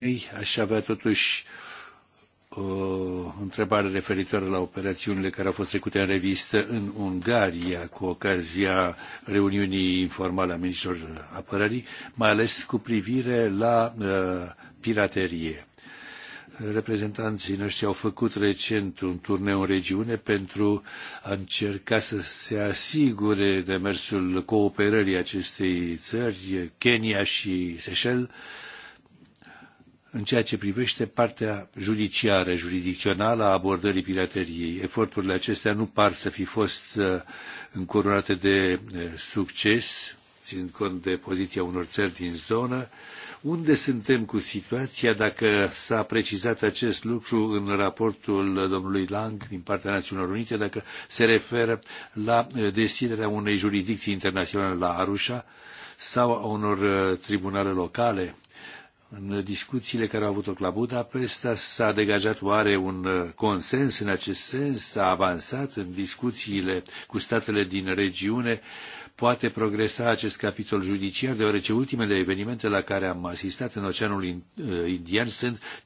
Ei, aș avea totuși o întrebare referitoare la operațiunile care au fost trecute în revistă în Ungaria cu ocazia reuniunii informale a ministrilor apărării, mai ales cu privire la uh, piraterie. Reprezentanții noștri au făcut recent un turneu în regiune pentru a încerca să se asigure demersul cooperării acestei țări, Kenya și Seychelles, în ceea ce privește partea judiciară, juridicională a abordării pirateriei. Eforturile acestea nu par să fi fost uh, încoronate de uh, succes, ținând cont de poziția unor țări din zonă. Unde suntem cu situația, dacă s-a precizat acest lucru în raportul domnului Lang din partea Națiunilor Unite, dacă se referă la uh, deschiderea unei jurisdicții internaționale la Arusha sau a unor tribunale locale în discuțiile care au avut loc la Budapesta s-a degajat oare un uh, consens în acest sens? S-a avansat în discuțiile cu statele din regiune? Poate progresa acest capitol judiciar, deoarece ultimele evenimente la care am asistat în Oceanul uh, Indian sunt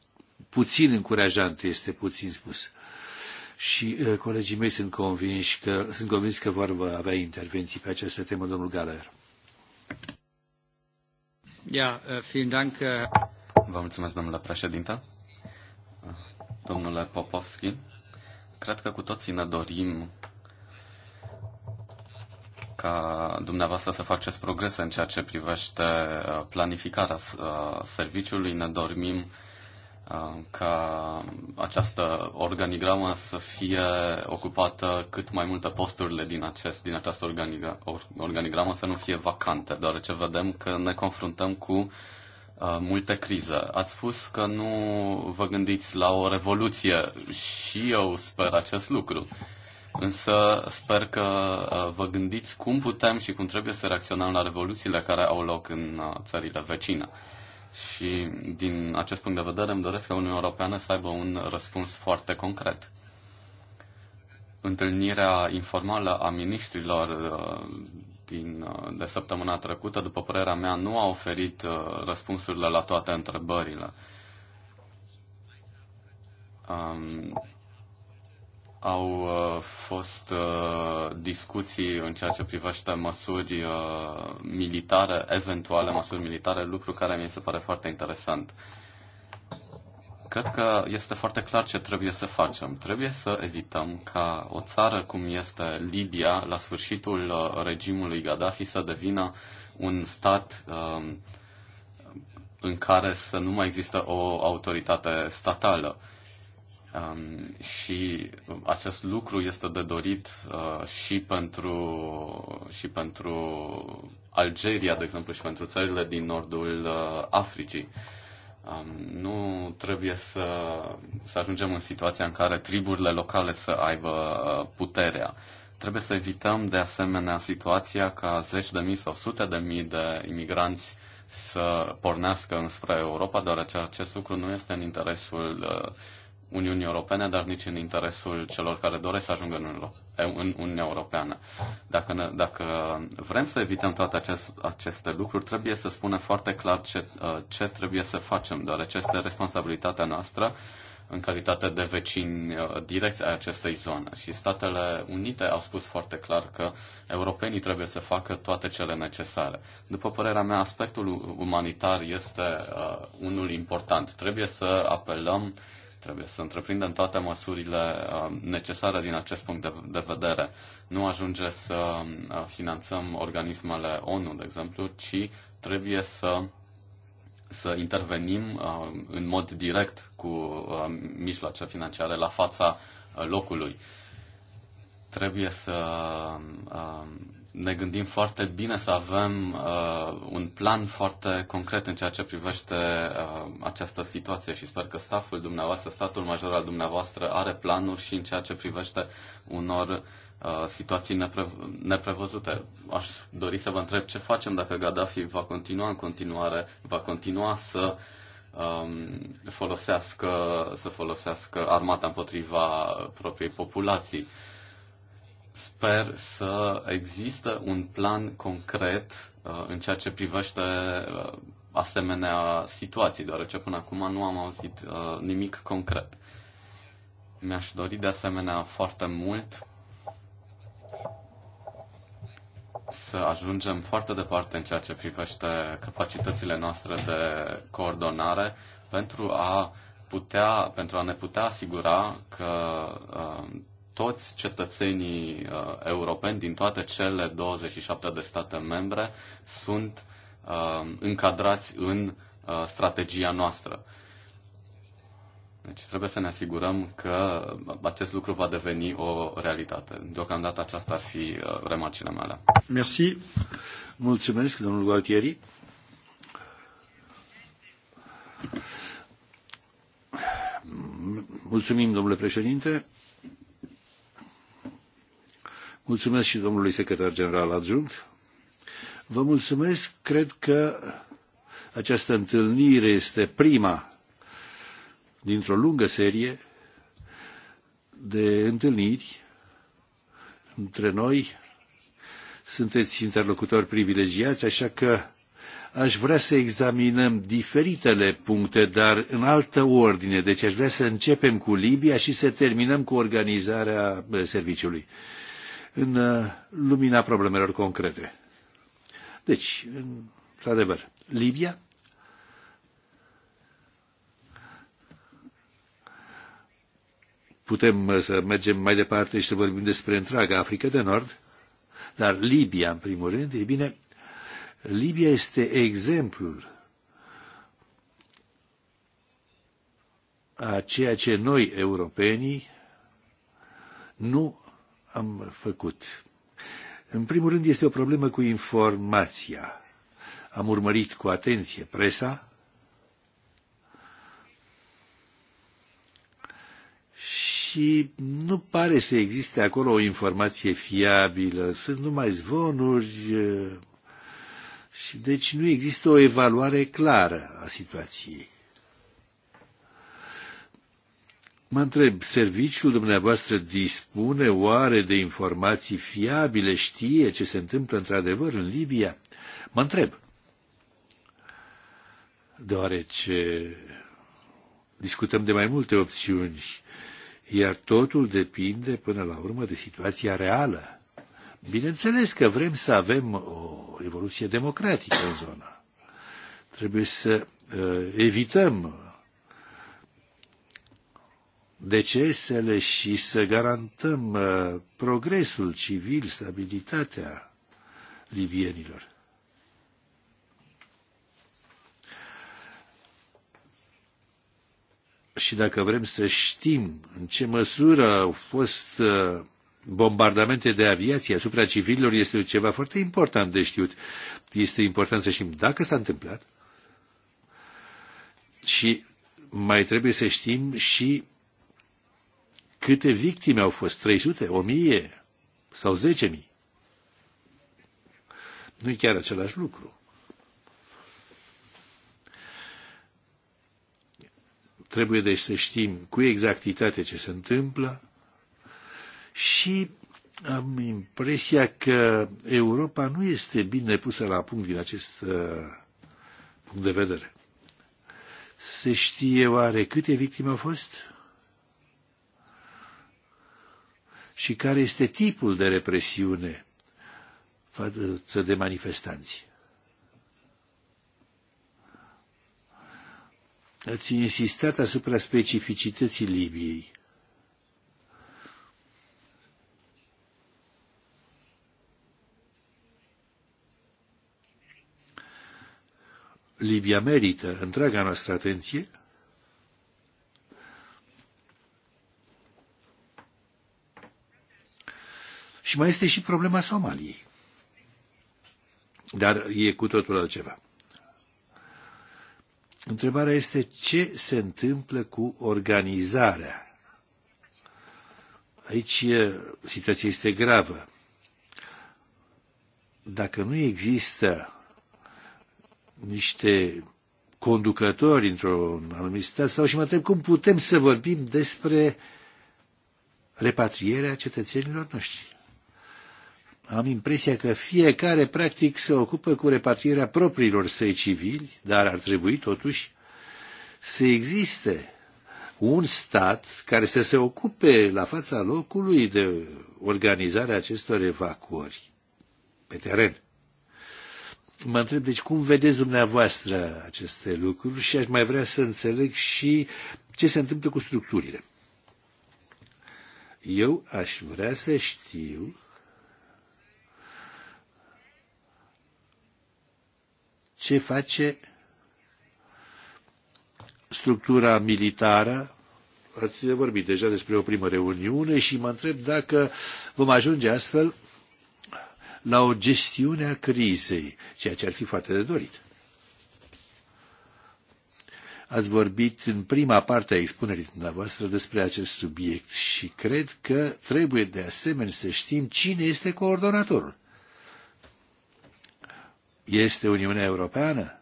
puțin încurajante, este puțin spus și uh, colegii mei sunt convinși că, sunt convins că vor avea intervenții pe această temă, domnul Galer. Ja, eh, vielen Dank. Eh. Vă mulțumesc, domnule președinte. Domnule Popovski, cred că cu toții ne dorim ca dumneavoastră să faceți progrese în ceea ce privește eh, planificarea serviciului. Ne dormim Uh, ca această organigramă să fie ocupată cât mai multe posturile din, acest, din această organigramă, organigramă să nu fie vacante, deoarece vedem că ne confruntăm cu uh, multe crize. Ați spus că nu vă gândiți la o revoluție și eu sper acest lucru. Însă sper că uh, vă gândiți cum putem și cum trebuie să reacționăm la revoluțiile care au loc în țările vecine. Uh, și din acest punct de vedere îmi doresc ca Uniunea Europeană să aibă un răspuns foarte concret. Întâlnirea informală a ministrilor uh, din, uh, de săptămâna trecută, după părerea mea, nu a oferit uh, răspunsurile la toate întrebările. Um, au uh, fost uh, discuții în ceea ce privește măsuri uh, militare, eventuale măsuri militare, lucru care mi se pare foarte interesant. Cred că este foarte clar ce trebuie să facem. Trebuie să evităm ca o țară cum este Libia, la sfârșitul regimului Gaddafi, să devină un stat um, în care să nu mai există o autoritate statală Um, și acest lucru este de dorit uh, și pentru și pentru Algeria, de exemplu, și pentru țările din nordul uh, Africii. Um, nu trebuie să, să ajungem în situația în care triburile locale să aibă uh, puterea. Trebuie să evităm de asemenea situația ca zeci de mii sau sute de mii de imigranți să pornească înspre Europa, deoarece acest lucru nu este în interesul uh, Uniunii Europene, dar nici în interesul celor care doresc să ajungă în, în Uniunea Europeană. Dacă, ne, dacă vrem să evităm toate acest, aceste lucruri, trebuie să spunem foarte clar ce, uh, ce trebuie să facem, deoarece este responsabilitatea noastră în calitate de vecini uh, direcți ai acestei zone. Și Statele Unite au spus foarte clar că europenii trebuie să facă toate cele necesare. După părerea mea, aspectul umanitar este uh, unul important. Trebuie să apelăm Trebuie să întreprindem toate măsurile uh, necesare din acest punct de, vedere. Nu ajunge să uh, finanțăm organismele ONU, de exemplu, ci trebuie să să intervenim uh, în mod direct cu mijloace financiare la fața locului. Trebuie să ne gândim foarte bine să avem uh, un plan foarte concret în ceea ce privește uh, această situație și sper că staful dumneavoastră, statul major al dumneavoastră are planuri și în ceea ce privește unor uh, situații nepre- neprevăzute. Aș dori să vă întreb ce facem dacă Gaddafi va continua în continuare, va continua să um, folosească, să folosească armata împotriva propriei populații. Uh, sper să există un plan concret uh, în ceea ce privește uh, asemenea situații, deoarece până acum nu am auzit uh, nimic concret. Mi-aș dori de asemenea foarte mult să ajungem foarte departe în ceea ce privește capacitățile noastre de coordonare pentru a putea, pentru a ne putea asigura că uh, toți cetățenii uh, europeni din toate cele 27 de state membre sunt uh, încadrați în uh, strategia noastră. Deci trebuie să ne asigurăm că uh, acest lucru va deveni o realitate. Deocamdată aceasta ar fi uh, remarcile mele. Merci. Mulțumesc, domnul Gualtieri. Mulțumim, domnule președinte. Mulțumesc și domnului secretar general adjunct. Vă mulțumesc. Cred că această întâlnire este prima dintr-o lungă serie de întâlniri între noi. Sunteți interlocutori privilegiați, așa că aș vrea să examinăm diferitele puncte, dar în altă ordine. Deci aș vrea să începem cu Libia și să terminăm cu organizarea serviciului în uh, lumina problemelor concrete. Deci, într-adevăr, Libia, putem uh, să mergem mai departe și să vorbim despre întreaga Africa de Nord, dar Libia, în primul rând, e bine, Libia este exemplul a ceea ce noi, europenii, nu am făcut? În primul rând este o problemă cu informația. Am urmărit cu atenție presa și nu pare să existe acolo o informație fiabilă. Sunt numai zvonuri eh, și deci nu există o evaluare clară a situației. Mă întreb, serviciul dumneavoastră dispune oare de informații fiabile, știe ce se întâmplă într-adevăr în Libia? Mă întreb, deoarece discutăm de mai multe opțiuni, iar totul depinde până la urmă de situația reală. Bineînțeles că vrem să avem o evoluție democratică în zonă. Trebuie să uh, evităm decesele și să garantăm uh, progresul civil, stabilitatea libienilor. Și dacă vrem să știm în ce măsură au fost uh, bombardamente de aviație asupra civililor, este ceva foarte important de știut. Este important să știm dacă s-a întâmplat și mai trebuie să știm și Câte victime au fost? 300? 1000? Sau 10.000? Nu e chiar același lucru. Trebuie deci să știm cu exactitate ce se întâmplă și am impresia că Europa nu este bine pusă la punct din acest uh, punct de vedere. Se știe oare câte victime au fost? și care este tipul de represiune față de manifestanți. Ați insistat asupra specificității Libiei. Libia merită întreaga noastră atenție Și mai este și problema Somaliei. Dar e cu totul altceva. Întrebarea este ce se întâmplă cu organizarea. Aici situația este gravă. Dacă nu există niște conducători într-un anumit stat sau și mă întreb cum putem să vorbim despre repatrierea cetățenilor noștri am impresia că fiecare practic se ocupă cu repatrierea propriilor săi civili, dar ar trebui totuși să existe un stat care să se ocupe la fața locului de organizarea acestor evacuări pe teren. Mă întreb, deci, cum vedeți dumneavoastră aceste lucruri și aș mai vrea să înțeleg și ce se întâmplă cu structurile. Eu aș vrea să știu ce face structura militară. Ați vorbit deja despre o primă reuniune și mă întreb dacă vom ajunge astfel la o gestiune a crizei, ceea ce ar fi foarte de dorit. Ați vorbit în prima parte a expunerii dumneavoastră despre acest subiect și cred că trebuie de asemenea să știm cine este coordonatorul este Uniunea Europeană?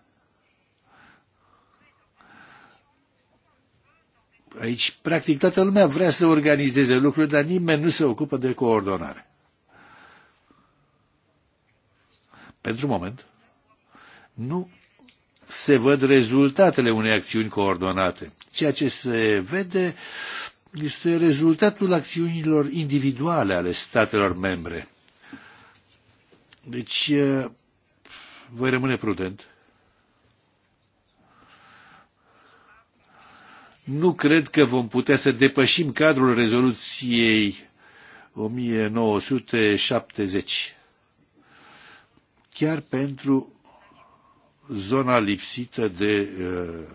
Aici, practic, toată lumea vrea să organizeze lucruri, dar nimeni nu se ocupă de coordonare. Pentru moment, nu se văd rezultatele unei acțiuni coordonate. Ceea ce se vede este rezultatul acțiunilor individuale ale statelor membre. Deci, voi rămâne prudent. Nu cred că vom putea să depășim cadrul rezoluției 1970. Chiar pentru zona lipsită de uh,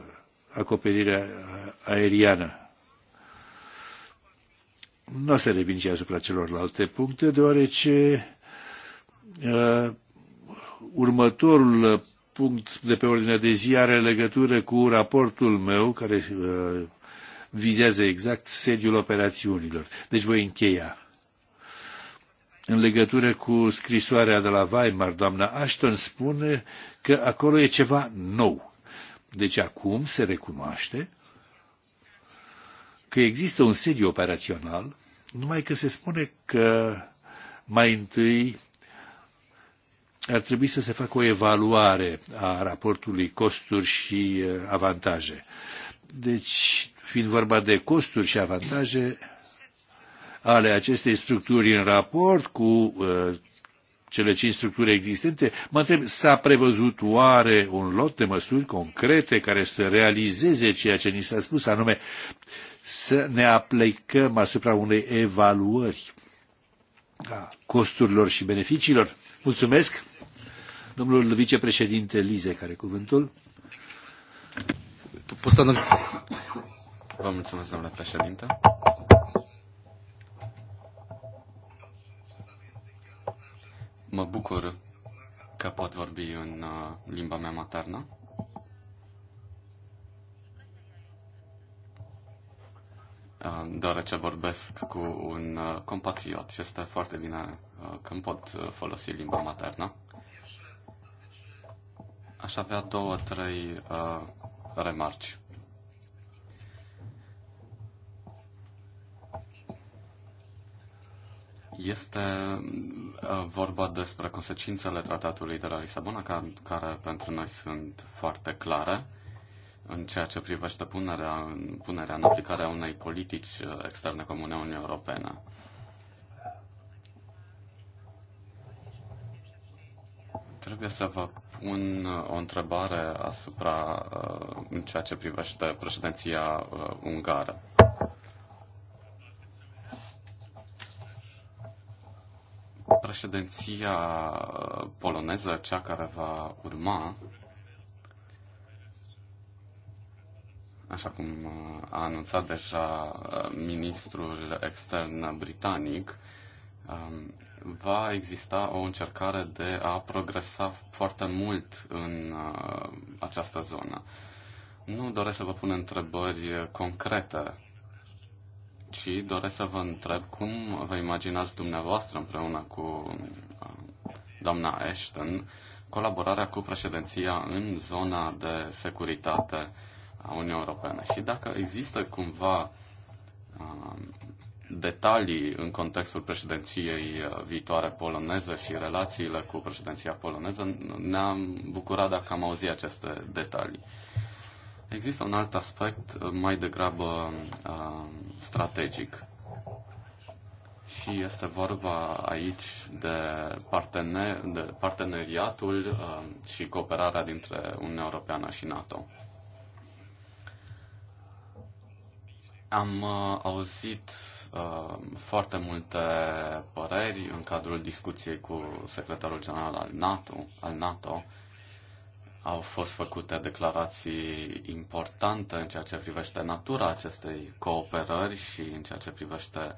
acoperire aeriană. Nu o să revin și asupra celorlalte puncte, deoarece uh, Următorul uh, punct de pe ordinea de zi are legătură cu raportul meu care uh, vizează exact sediul operațiunilor. Deci voi încheia. În legătură cu scrisoarea de la Weimar, doamna Ashton spune că acolo e ceva nou. Deci acum se recunoaște că există un sediu operațional, numai că se spune că mai întâi ar trebui să se facă o evaluare a raportului costuri și uh, avantaje. Deci, fiind vorba de costuri și avantaje ale acestei structuri în raport cu uh, cele cinci structuri existente, mă întreb, s-a prevăzut oare un lot de măsuri concrete care să realizeze ceea ce ni s-a spus, anume să ne aplicăm asupra unei evaluări a costurilor și beneficiilor? Mulțumesc! Domnul vicepreședinte Lize, care cuvântul. Postană... Vă mulțumesc, domnule președinte. Mă bucur că pot vorbi în uh, limba mea maternă. Uh, deoarece vorbesc cu un uh, compatriot și este foarte bine că îmi pot folosi limba maternă. Aș avea două, trei uh, remarci. Este uh, vorba despre consecințele tratatului de la Lisabona, care, care pentru noi sunt foarte clare în ceea ce privește punerea, punerea în aplicare a unei politici uh, externe comune a Uniunii Europene. Trebuie să vă pun uh, o întrebare asupra uh, în ceea ce privește președinția uh, ungară. Președinția poloneză, cea care va urma, așa cum a anunțat deja ministrul extern britanic, um, va exista o încercare de a progresa foarte mult în uh, această zonă. Nu doresc să vă pun întrebări concrete, ci doresc să vă întreb cum vă imaginați dumneavoastră împreună cu uh, doamna Ashton colaborarea cu președinția în zona de securitate a Uniunii Europene și dacă există cumva uh, detalii în contextul președinției uh, viitoare poloneză și relațiile cu președinția poloneză, ne-am bucurat dacă am auzit aceste detalii. Există un alt aspect uh, mai degrabă uh, strategic. Și este vorba aici de, partener, de parteneriatul și cooperarea dintre Uniunea Europeană și NATO. Am auzit foarte multe păreri în cadrul discuției cu secretarul general al NATO, al NATO. Au fost făcute declarații importante în ceea ce privește natura acestei cooperări și în ceea ce privește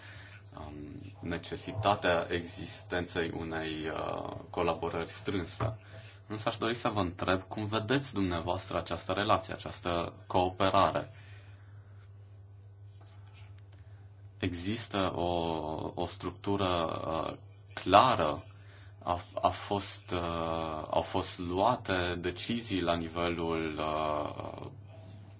um, necesitatea existenței unei uh, colaborări strânse. Însă aș dori să vă întreb cum vedeți dumneavoastră această relație, această cooperare există o, o structură uh, clară, a, a fost, uh, au fost luate decizii la nivelul uh,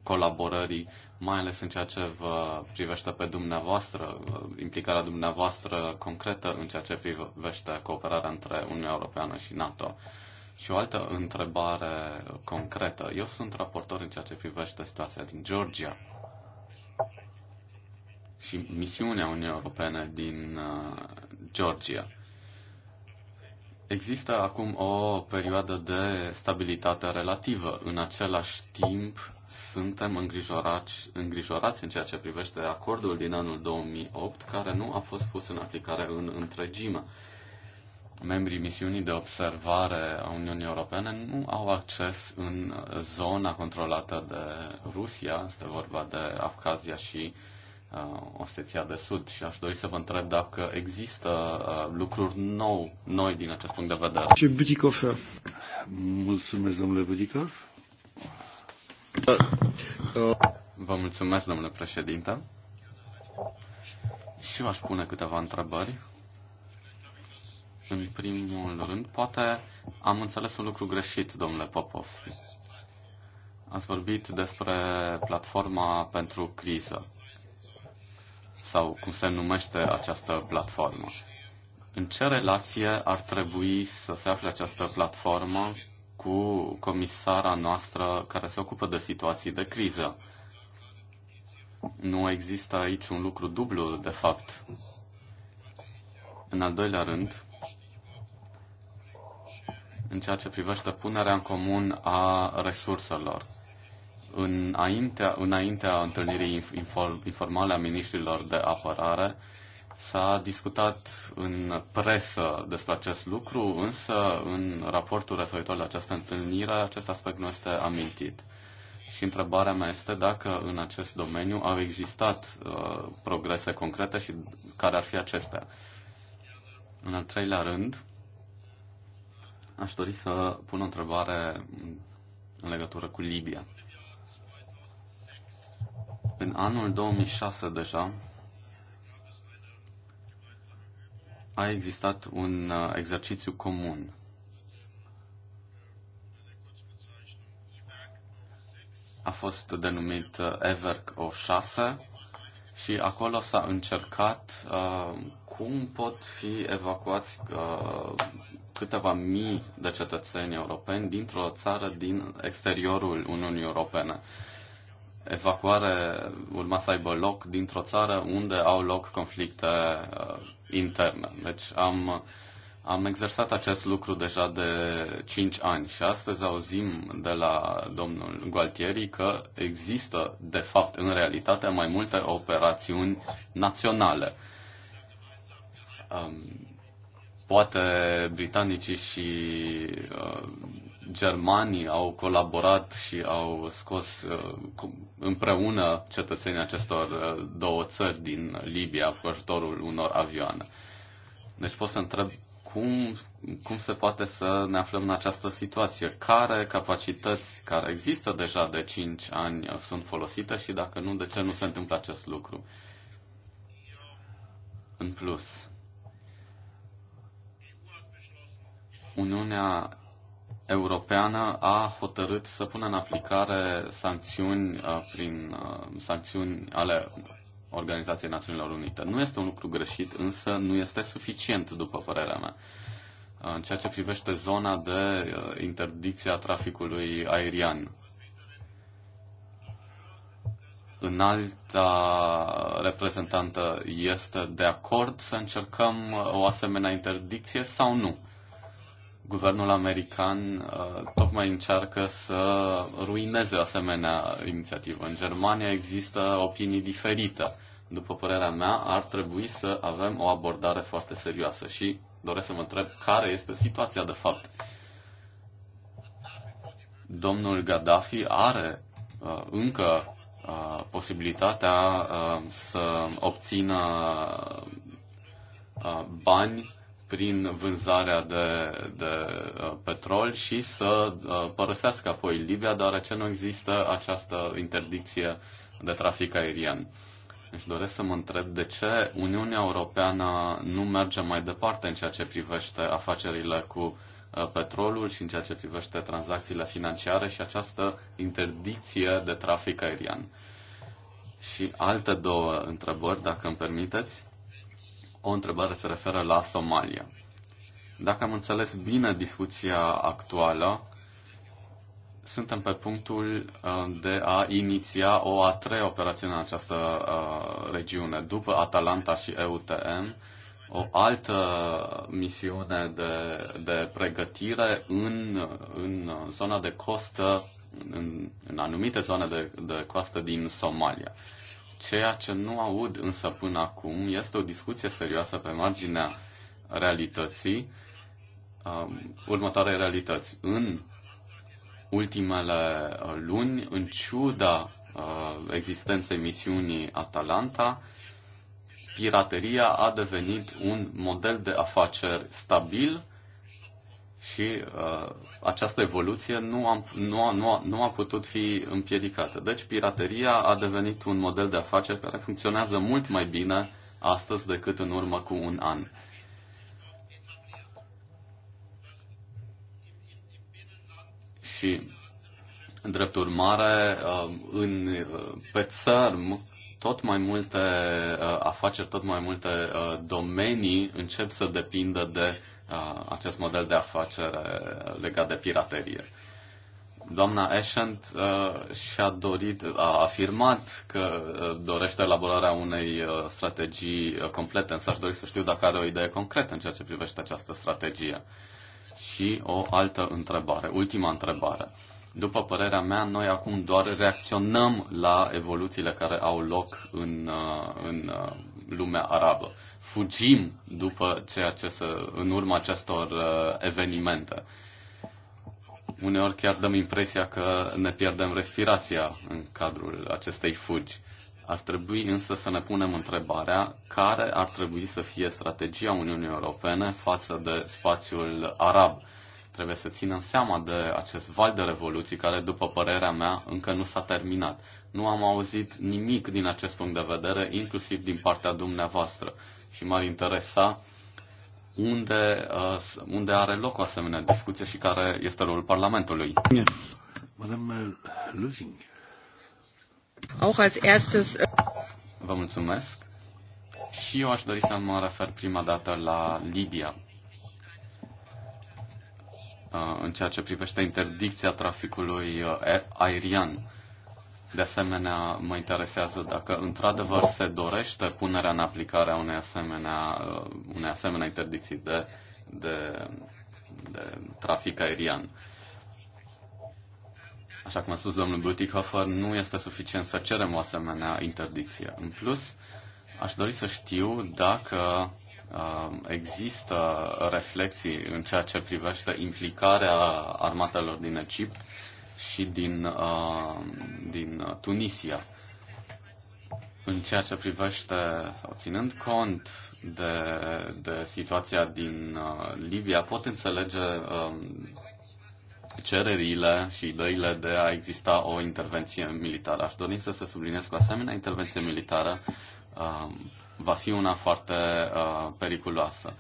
colaborării, mai ales în ceea ce vă privește pe dumneavoastră, implicarea dumneavoastră concretă în ceea ce privește cooperarea între Uniunea Europeană și NATO. Și o altă întrebare concretă. Eu sunt raportor în ceea ce privește situația din Georgia și misiunea Uniunii Europene din uh, Georgia. Există acum o perioadă de stabilitate relativă. În același timp, suntem îngrijorați, îngrijorați în ceea ce privește acordul din anul 2008, care nu a fost pus în aplicare în întregime. Membrii misiunii de observare a Uniunii Europene nu au acces în zona controlată de Rusia, este vorba de Abhazia și uh, Uh, Osteția de Sud și aș dori să vă întreb dacă există uh, lucruri nou, noi din acest punct de vedere. Ce Butikov? Mulțumesc, domnule Butikov. Vă mulțumesc, domnule președinte. Și eu aș pune câteva întrebări. În primul rând, poate am înțeles un lucru greșit, domnule Popovski. Ați vorbit despre platforma pentru criză sau cum se numește această platformă. În ce relație ar trebui să se afle această platformă cu comisara noastră care se ocupă de situații de criză? Nu există aici un lucru dublu, de fapt. În al doilea rând, în ceea ce privește punerea în comun a resurselor. Înaintea, înaintea întâlnirii informale a ministrilor de apărare, S-a discutat în presă despre acest lucru, însă în raportul referitor la această întâlnire acest aspect nu este amintit. Și întrebarea mea este dacă în acest domeniu au existat uh, progrese concrete și care ar fi acestea. În al treilea rând, aș dori să pun o întrebare în legătură cu Libia. În anul 2006 deja a existat un uh, exercițiu comun. A fost denumit uh, EVERC O6 și acolo s-a încercat uh, cum pot fi evacuați uh, câteva mii de cetățeni europeni dintr-o țară din exteriorul Uniunii Europene. Uh, evacuare urma să aibă loc dintr-o țară unde au loc conflicte uh, interne. Deci am, am exersat acest lucru deja de 5 ani și astăzi auzim de la domnul Gualtieri că există, de fapt, în realitate, mai multe operațiuni naționale. Um, poate britanicii și uh, germanii au colaborat și au scos uh, împreună cetățenii acestor uh, două țări din Libia cu ajutorul unor avioane. Deci pot să întreb cum, cum se poate să ne aflăm în această situație? Care capacități care există deja de 5 ani uh, sunt folosite și dacă nu, de ce nu se întâmplă acest lucru? În plus, Uniunea Europeană a hotărât să pună în aplicare sancțiuni uh, prin uh, sancțiuni ale Organizației Națiunilor Unite. Nu este un lucru greșit, însă nu este suficient, după părerea mea. Uh, în ceea ce privește zona de interdicție a traficului aerian, alta reprezentantă este de acord să încercăm o asemenea interdicție sau nu? guvernul american uh, tocmai încearcă să ruineze asemenea inițiativă. În Germania există opinii diferite. După părerea mea, ar trebui să avem o abordare foarte serioasă și doresc să mă întreb care este situația de fapt. Domnul Gaddafi are uh, încă uh, posibilitatea uh, să obțină uh, bani prin vânzarea de, de uh, petrol și să uh, părăsească apoi Libia, deoarece nu există această interdicție de trafic aerian. Își deci doresc să mă întreb de ce Uniunea Europeană nu merge mai departe în ceea ce privește afacerile cu uh, petrolul și în ceea ce privește tranzacțiile financiare și această interdicție de trafic aerian. Și alte două întrebări, dacă îmi permiteți o întrebare se referă la Somalia. Dacă am înțeles bine discuția actuală, suntem pe punctul uh, de a iniția o a treia operațiune în această uh, regiune, după Atalanta și EUTM, o altă misiune de, de pregătire în, în zona de costă, în, în anumite zone de, de coastă din Somalia. Ceea ce nu aud însă până acum este o discuție serioasă pe marginea realității, um, următoarei realități. În ultimele uh, luni, în ciuda uh, existenței misiunii Atalanta, pirateria a devenit un model de afaceri stabil și uh, această evoluție nu a, nu, a, nu, a, nu a putut fi împiedicată. Deci pirateria a devenit un model de afaceri care funcționează mult mai bine astăzi decât în urmă cu un an. Și, drept urmare, uh, în, uh, pe țărm, tot mai multe uh, afaceri, tot mai multe domenii încep să depindă de acest model de afacere legat de piraterie. Doamna Ashent uh, și-a dorit, a afirmat că dorește elaborarea unei strategii complete, însă aș dori să știu dacă are o idee concretă în ceea ce privește această strategie. Și o altă întrebare, ultima întrebare. După părerea mea, noi acum doar reacționăm la evoluțiile care au loc în, în lumea arabă fugim după ceea ce se, în urma acestor uh, evenimente. Uneori chiar dăm impresia că ne pierdem respirația în cadrul acestei fugi. Ar trebui însă să ne punem întrebarea care ar trebui să fie strategia Uniunii Europene față de spațiul arab. Trebuie să ținem seama de acest val de revoluții care, după părerea mea, încă nu s-a terminat. Nu am auzit nimic din acest punct de vedere, inclusiv din partea dumneavoastră și m-ar interesa unde, uh, unde are loc o asemenea discuție și care este rolul Parlamentului. Uh, Auch als erstes... Äh, Vă mulțumesc. Și eu aș dori să mă refer prima dată la Libia. Uh, în ceea ce privește interdicția traficului aerian de asemenea, mă interesează dacă într-adevăr se dorește punerea în aplicare a unei asemenea, uh, unei asemenea interdicții de, de, de trafic aerian. Așa cum a spus domnul Butikofer, nu este suficient să cerem o asemenea interdicție. În plus, aș dori să știu dacă uh, există reflexii în ceea ce privește implicarea armatelor din Egipt și din, uh, din Tunisia. În ceea ce privește, sau ținând cont de, de situația din uh, Libia, pot înțelege uh, cererile și ideile de a exista o intervenție militară. Aș dori să se subliniez că asemenea intervenție militară uh, va fi una foarte uh, periculoasă.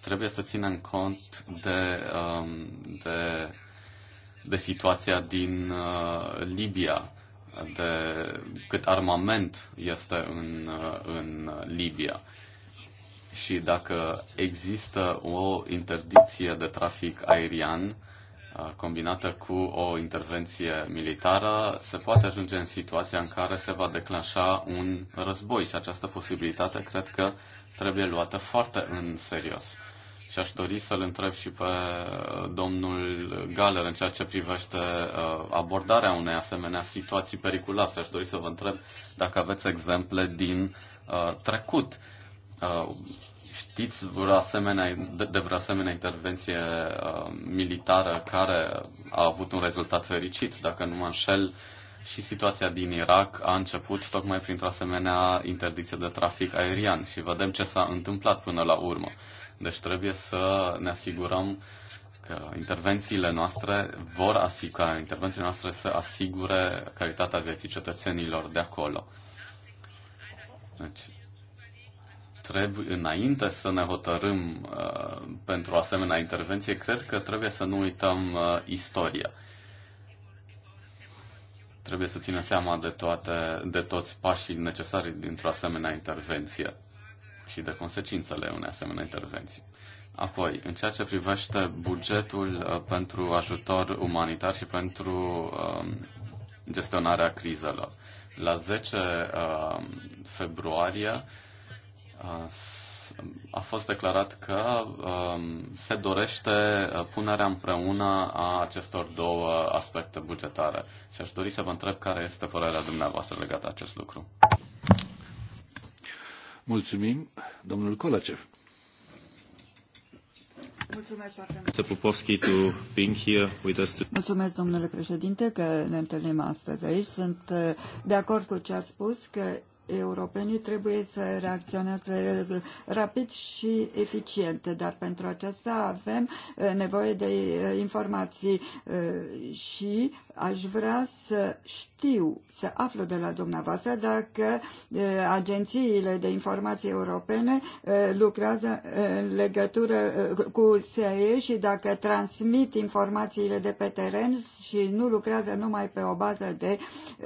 Trebuie să ținem cont de, uh, de de situația din uh, Libia, de cât armament este în, uh, în Libia. Și dacă există o interdicție de trafic aerian uh, combinată cu o intervenție militară, se poate ajunge în situația în care se va declanșa un război și această posibilitate cred că trebuie luată foarte în serios. Și aș dori să-l întreb și pe uh, domnul Galer în ceea ce privește uh, abordarea unei asemenea situații periculoase. Aș dori să vă întreb dacă aveți exemple din uh, trecut. Știți vreo asemenea, de vreo asemenea intervenție militară care a avut un rezultat fericit, dacă nu mă înșel, și situația din Irak a început tocmai printr-o asemenea interdicție de trafic aerian și vedem ce s-a întâmplat până la urmă. Deci trebuie să ne asigurăm că intervențiile noastre vor asigura, intervențiile noastre să asigure calitatea vieții cetățenilor de acolo. Deci, trebuie, înainte să ne hotărâm uh, pentru o asemenea intervenție, cred că trebuie să nu uităm uh, istoria. Trebuie să ținem seama de, toate, de toți pașii necesari dintr-o asemenea intervenție și de consecințele unei asemenea intervenții. Apoi, în ceea ce privește bugetul uh, pentru ajutor umanitar și pentru um, gestionarea crizelor. La 10 um, februarie uh, a fost declarat că um, se dorește uh, punerea împreună a acestor două aspecte bugetare. Și aș dori să vă întreb care este părerea dumneavoastră legată acest lucru. Mulțumim, domnul Kolacev. Mulțumesc being here with us Mulțumesc, domnule președinte, că ne întâlnim astăzi aici. Sunt uh, de acord cu ce ați spus, că europenii trebuie să reacționeze rapid și eficient, dar pentru aceasta avem uh, nevoie de uh, informații și aș vrea să știu, să aflu de la dumneavoastră dacă agențiile de informații europene lucrează în legătură cu CIA și dacă transmit informațiile de pe teren și nu lucrează numai pe o bază de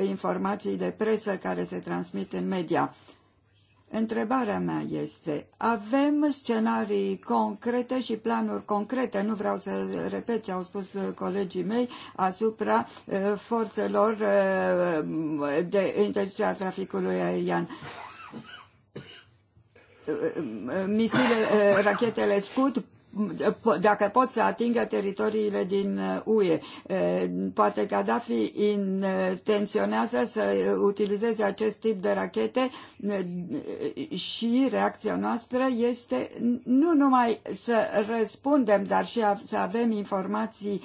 informații de presă care se transmit în media. Întrebarea mea este, avem scenarii concrete și planuri concrete, nu vreau să repet ce au spus uh, colegii mei, asupra uh, forțelor uh, de interzice a traficului aerian misile, rachetele Scud dacă pot să atingă teritoriile din UE. Uh, uh, poate Gaddafi intenționează să utilizeze acest tip de rachete uh, și reacția noastră este nu numai să răspundem, dar și să avem informații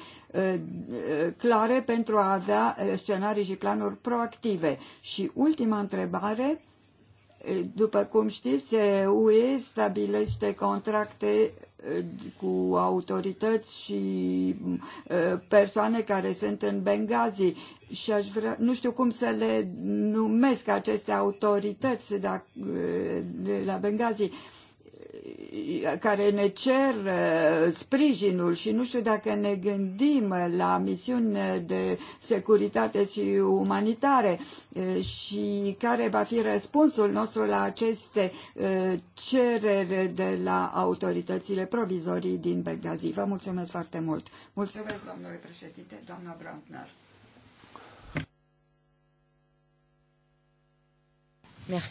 clare pentru a avea scenarii și planuri proactive. Și ultima întrebare, după cum știți, UE stabilește contracte cu autorități și persoane care sunt în Benghazi și aș vrea, nu știu cum să le numesc aceste autorități de la Benghazi care ne cer uh, sprijinul și nu știu dacă ne gândim la misiune de securitate și umanitare uh, și care va fi răspunsul nostru la aceste uh, cereri de la autoritățile provizorii din Benghazi. Vă mulțumesc foarte mult. Mulțumesc, domnule președinte, doamna Brandner. Merci.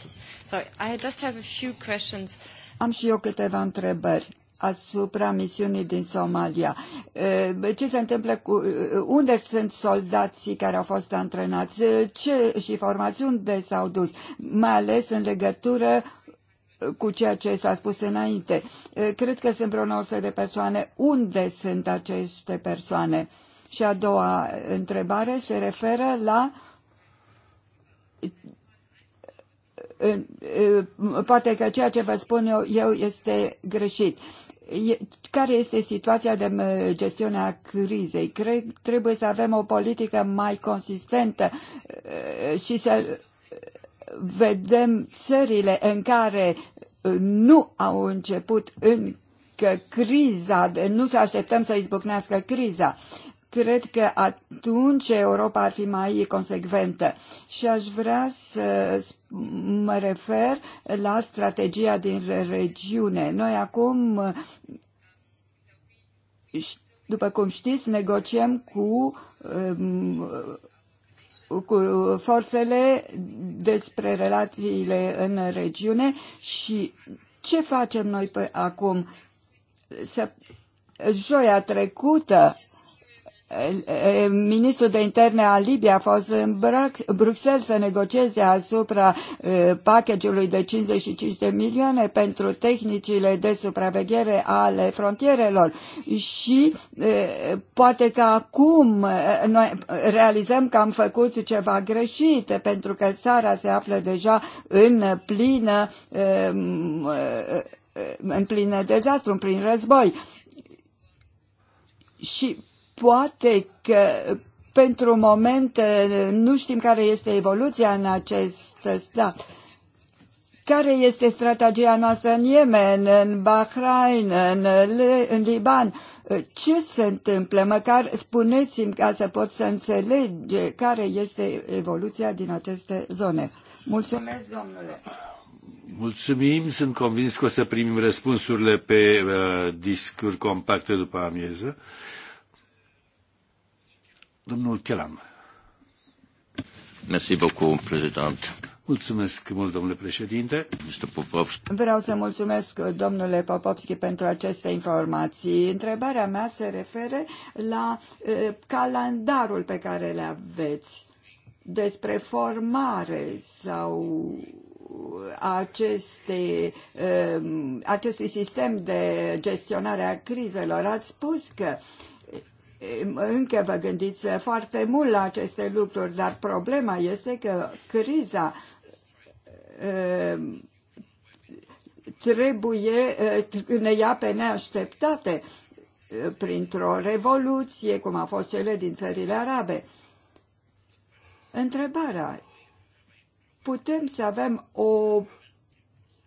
Sorry, I just have a few questions. Am și eu câteva întrebări asupra misiunii din Somalia. Ce se întâmplă cu... Unde sunt soldații care au fost antrenați? Ce și formațiuni unde s-au dus? Mai ales în legătură cu ceea ce s-a spus înainte. Cred că sunt vreo 900 de persoane. Unde sunt aceste persoane? Și a doua întrebare se referă la uh, poate că ceea ce vă spun eu este greșit care este situația de gestiune a crizei. Cred trebuie să avem o politică mai consistentă și să vedem țările în care nu au început încă criza, nu să așteptăm să izbucnească criza cred că atunci Europa ar fi mai consecventă. Și aș vrea să mă refer la strategia din regiune. Noi acum, după cum știți, negociem cu um, cu forțele despre relațiile în regiune și ce facem noi pe acum? Să, joia trecută ministrul de interne al Libiei a fost în Bruxelles să negocieze asupra pachetului de 55 de milioane pentru tehnicile de supraveghere ale frontierelor și poate că acum noi realizăm că am făcut ceva greșit pentru că țara se află deja în plină în plină dezastru, în plin război. Și Poate că pentru moment nu știm care este evoluția în acest stat. Care este strategia noastră în Yemen, în Bahrain, în, în Liban? Ce se întâmplă? Măcar spuneți-mi ca să pot să înțelege care este evoluția din aceste zone. Mulțumesc, domnule. Mulțumim, sunt convins că o să primim răspunsurile pe uh, discuri compacte după amieză. Uh, Domnul Chelam. Merci beaucoup, prezident. Mulțumesc mult, domnule președinte. Vreau să mulțumesc, domnule Popovski, pentru aceste informații. Întrebarea mea se referă la uh, calendarul pe care le aveți despre formare sau aceste, uh, acestui sistem de gestionare a crizelor. Ați spus că uh, încă vă gândiți foarte mult la aceste lucruri, dar problema este că criza trebuie, ne ia pe neașteptate printr-o revoluție, cum a fost cele din țările arabe. Întrebarea, putem să avem o,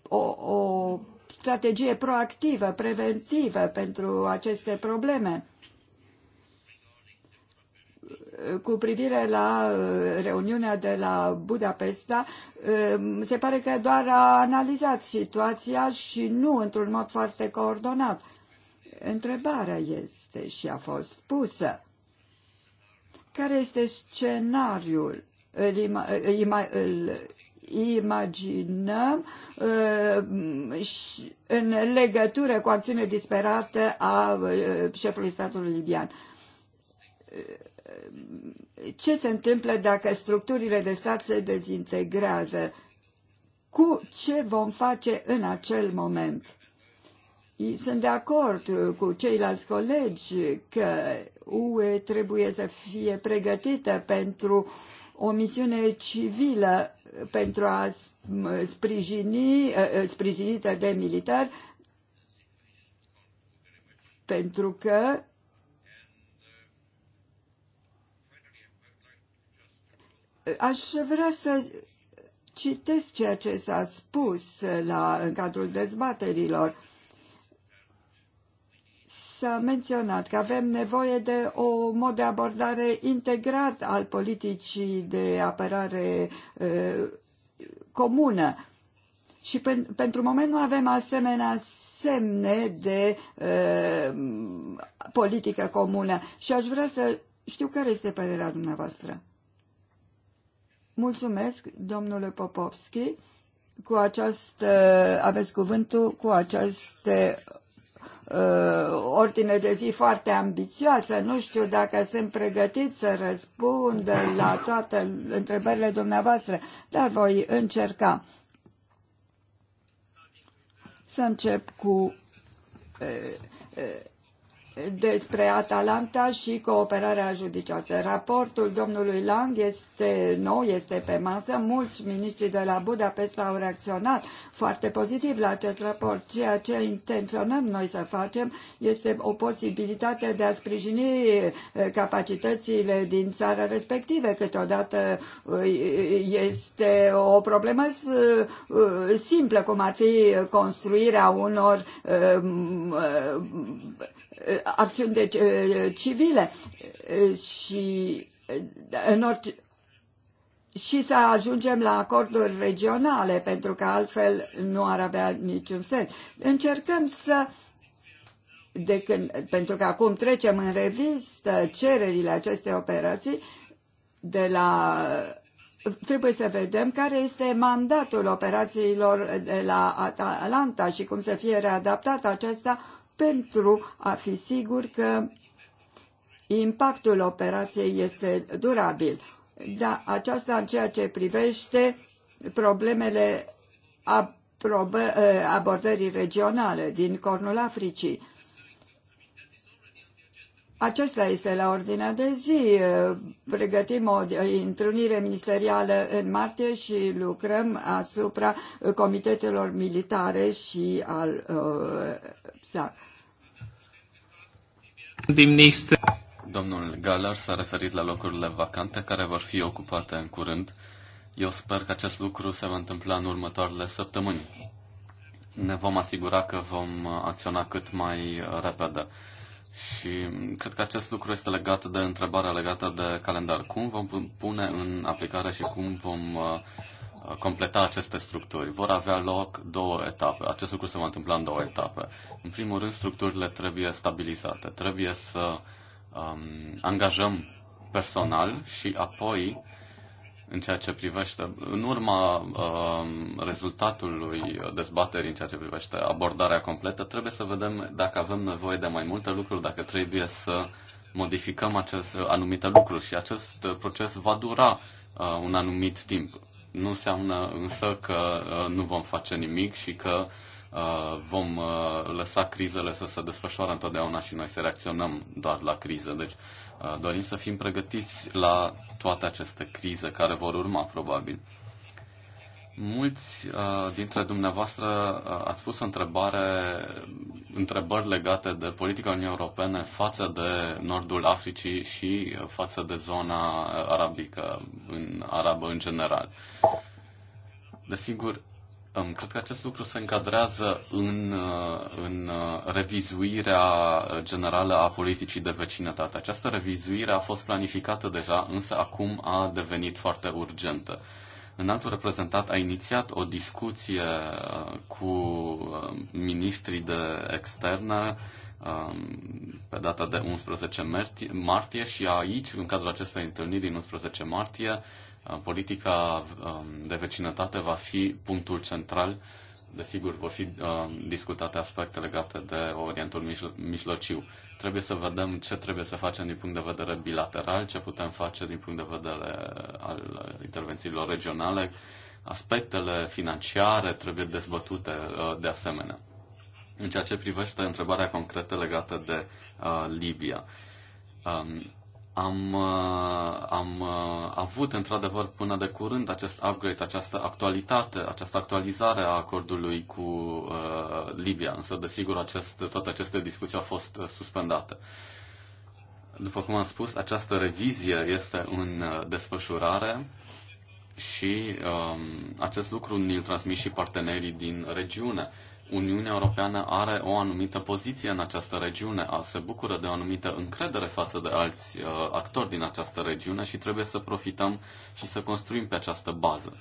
o, o strategie proactivă, preventivă pentru aceste probleme? cu privire la uh, reuniunea de la Budapesta, um, se pare că doar a analizat situația și nu într-un mod foarte coordonat. Întrebarea este și a fost pusă. Care este scenariul? Îl, ima, ima, îl imaginăm uh, și în legătură cu acțiune disperată a uh, șefului statului libian. Uh, ce se întâmplă dacă structurile de stat se dezintegrează? Cu ce vom face în acel moment? Sunt de acord uh, cu ceilalți colegi că UE trebuie să fie pregătită pentru o misiune civilă pentru a sprijini, uh, uh, sprijinită de militari, pentru că Aș vrea să citesc ceea ce s-a spus la, în cadrul dezbaterilor. S-a menționat că avem nevoie de o mod de abordare integrat al politicii de apărare comună. Și pen, pentru moment nu avem asemenea semne de e, politică comună. Și aș vrea să știu care este părerea dumneavoastră. Mulțumesc, domnule Popovski. Cu această, aveți cuvântul, cu această uh, ordine de zi foarte ambițioasă. Nu știu dacă sunt pregătit să răspund la toate întrebările dumneavoastră, dar voi încerca. Să încep cu uh, uh, despre Atalanta și cooperarea judiciară. Raportul domnului Lang este nou, este pe masă. Mulți miniștri de la Budapesta au reacționat foarte pozitiv la acest raport. Ceea ce intenționăm noi să facem este o posibilitate de a sprijini eh, capacitățile din țara respective. Câteodată eh, este o problemă eh, simplă, cum ar fi construirea unor Uh, acțiuni de, uh, civile uh, și în orice, și să ajungem la acorduri regionale, pentru că altfel nu ar avea niciun sens. Încercăm să de când, pentru că acum trecem în revistă cererile acestei operații de la trebuie să vedem care este mandatul operațiilor de la Atalanta și cum să fie readaptat aceasta pentru a fi sigur că impactul operației este durabil. Da, aceasta în ceea ce privește problemele ă, abordării regionale din cornul Africii. Acesta este la ordinea de zi. Pregătim o întrunire ministerială în martie și lucrăm asupra comitetelor militare și al uh, Domnul Galar s-a referit la locurile vacante care vor fi ocupate în curând. Eu sper că acest lucru se va întâmpla în următoarele săptămâni. Ne vom asigura că vom acționa cât mai repede. Și cred că acest lucru este legat de întrebarea legată de calendar. Cum vom pune în aplicare și cum vom uh, completa aceste structuri. Vor avea loc două etape. Acest lucru se va întâmpla în două etape. În primul rând, structurile trebuie stabilizate. Trebuie să um, angajăm personal și apoi, în ceea ce privește, în urma um, rezultatului dezbaterii în ceea ce privește abordarea completă, trebuie să vedem dacă avem nevoie de mai multe lucruri, dacă trebuie să modificăm acest, anumite lucruri și acest proces va dura uh, un anumit timp nu înseamnă însă că uh, nu vom face nimic și că uh, vom uh, lăsa crizele să se desfășoare întotdeauna și noi să reacționăm doar la crize. Deci dorim să fim pregătiți la toate aceste crize care vor urma, probabil. Mulți uh, dintre dumneavoastră uh, ați pus întrebare, întrebări legate de politica Uniunii Europene față de nordul Africii și uh, față de zona arabică, în arabă în general. Desigur, um, cred că acest lucru se încadrează în, uh, în uh, revizuirea generală a politicii de vecinătate. Această revizuire a fost planificată deja, însă acum a devenit foarte urgentă. Uh, Înaltul reprezentat a inițiat o discuție uh, cu uh, ministrii de externe um, pe data de 11 martie și aici, în cadrul acestei întâlniri din 11 martie, uh, politica um, de vecinătate va fi punctul central Desigur, vor fi uh, discutate aspecte legate de Orientul Mijlo- Mijlociu. Trebuie să vedem ce trebuie să facem din punct de vedere bilateral, ce putem face din punct de vedere al intervențiilor regionale. Aspectele financiare trebuie dezbătute uh, de asemenea. În ceea ce privește întrebarea concretă legată de uh, Libia. Um, am, uh, am uh, avut într-adevăr până de curând acest upgrade, această actualitate, această actualizare a acordului cu uh, Libia, însă desigur acest, toate aceste discuții au fost uh, suspendate. După cum am spus, această revizie este în uh, desfășurare și um, acest lucru ne-l transmit și partenerii din regiune. Uniunea Europeană are o anumită poziție în această regiune, se bucură de o anumită încredere față de alți uh, actori din această regiune și trebuie să profităm și să construim pe această bază.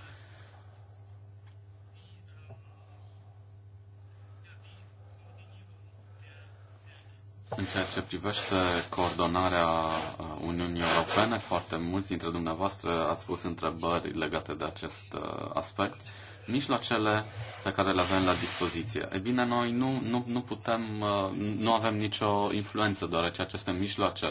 În ceea ce privește coordonarea uh, Uniunii Europene, foarte mulți dintre dumneavoastră ați pus întrebări legate de acest uh, aspect, nici la cele pe care le avem la dispoziție. E bine, noi nu, nu, nu putem, uh, nu avem nicio influență, deoarece aceste mijloace,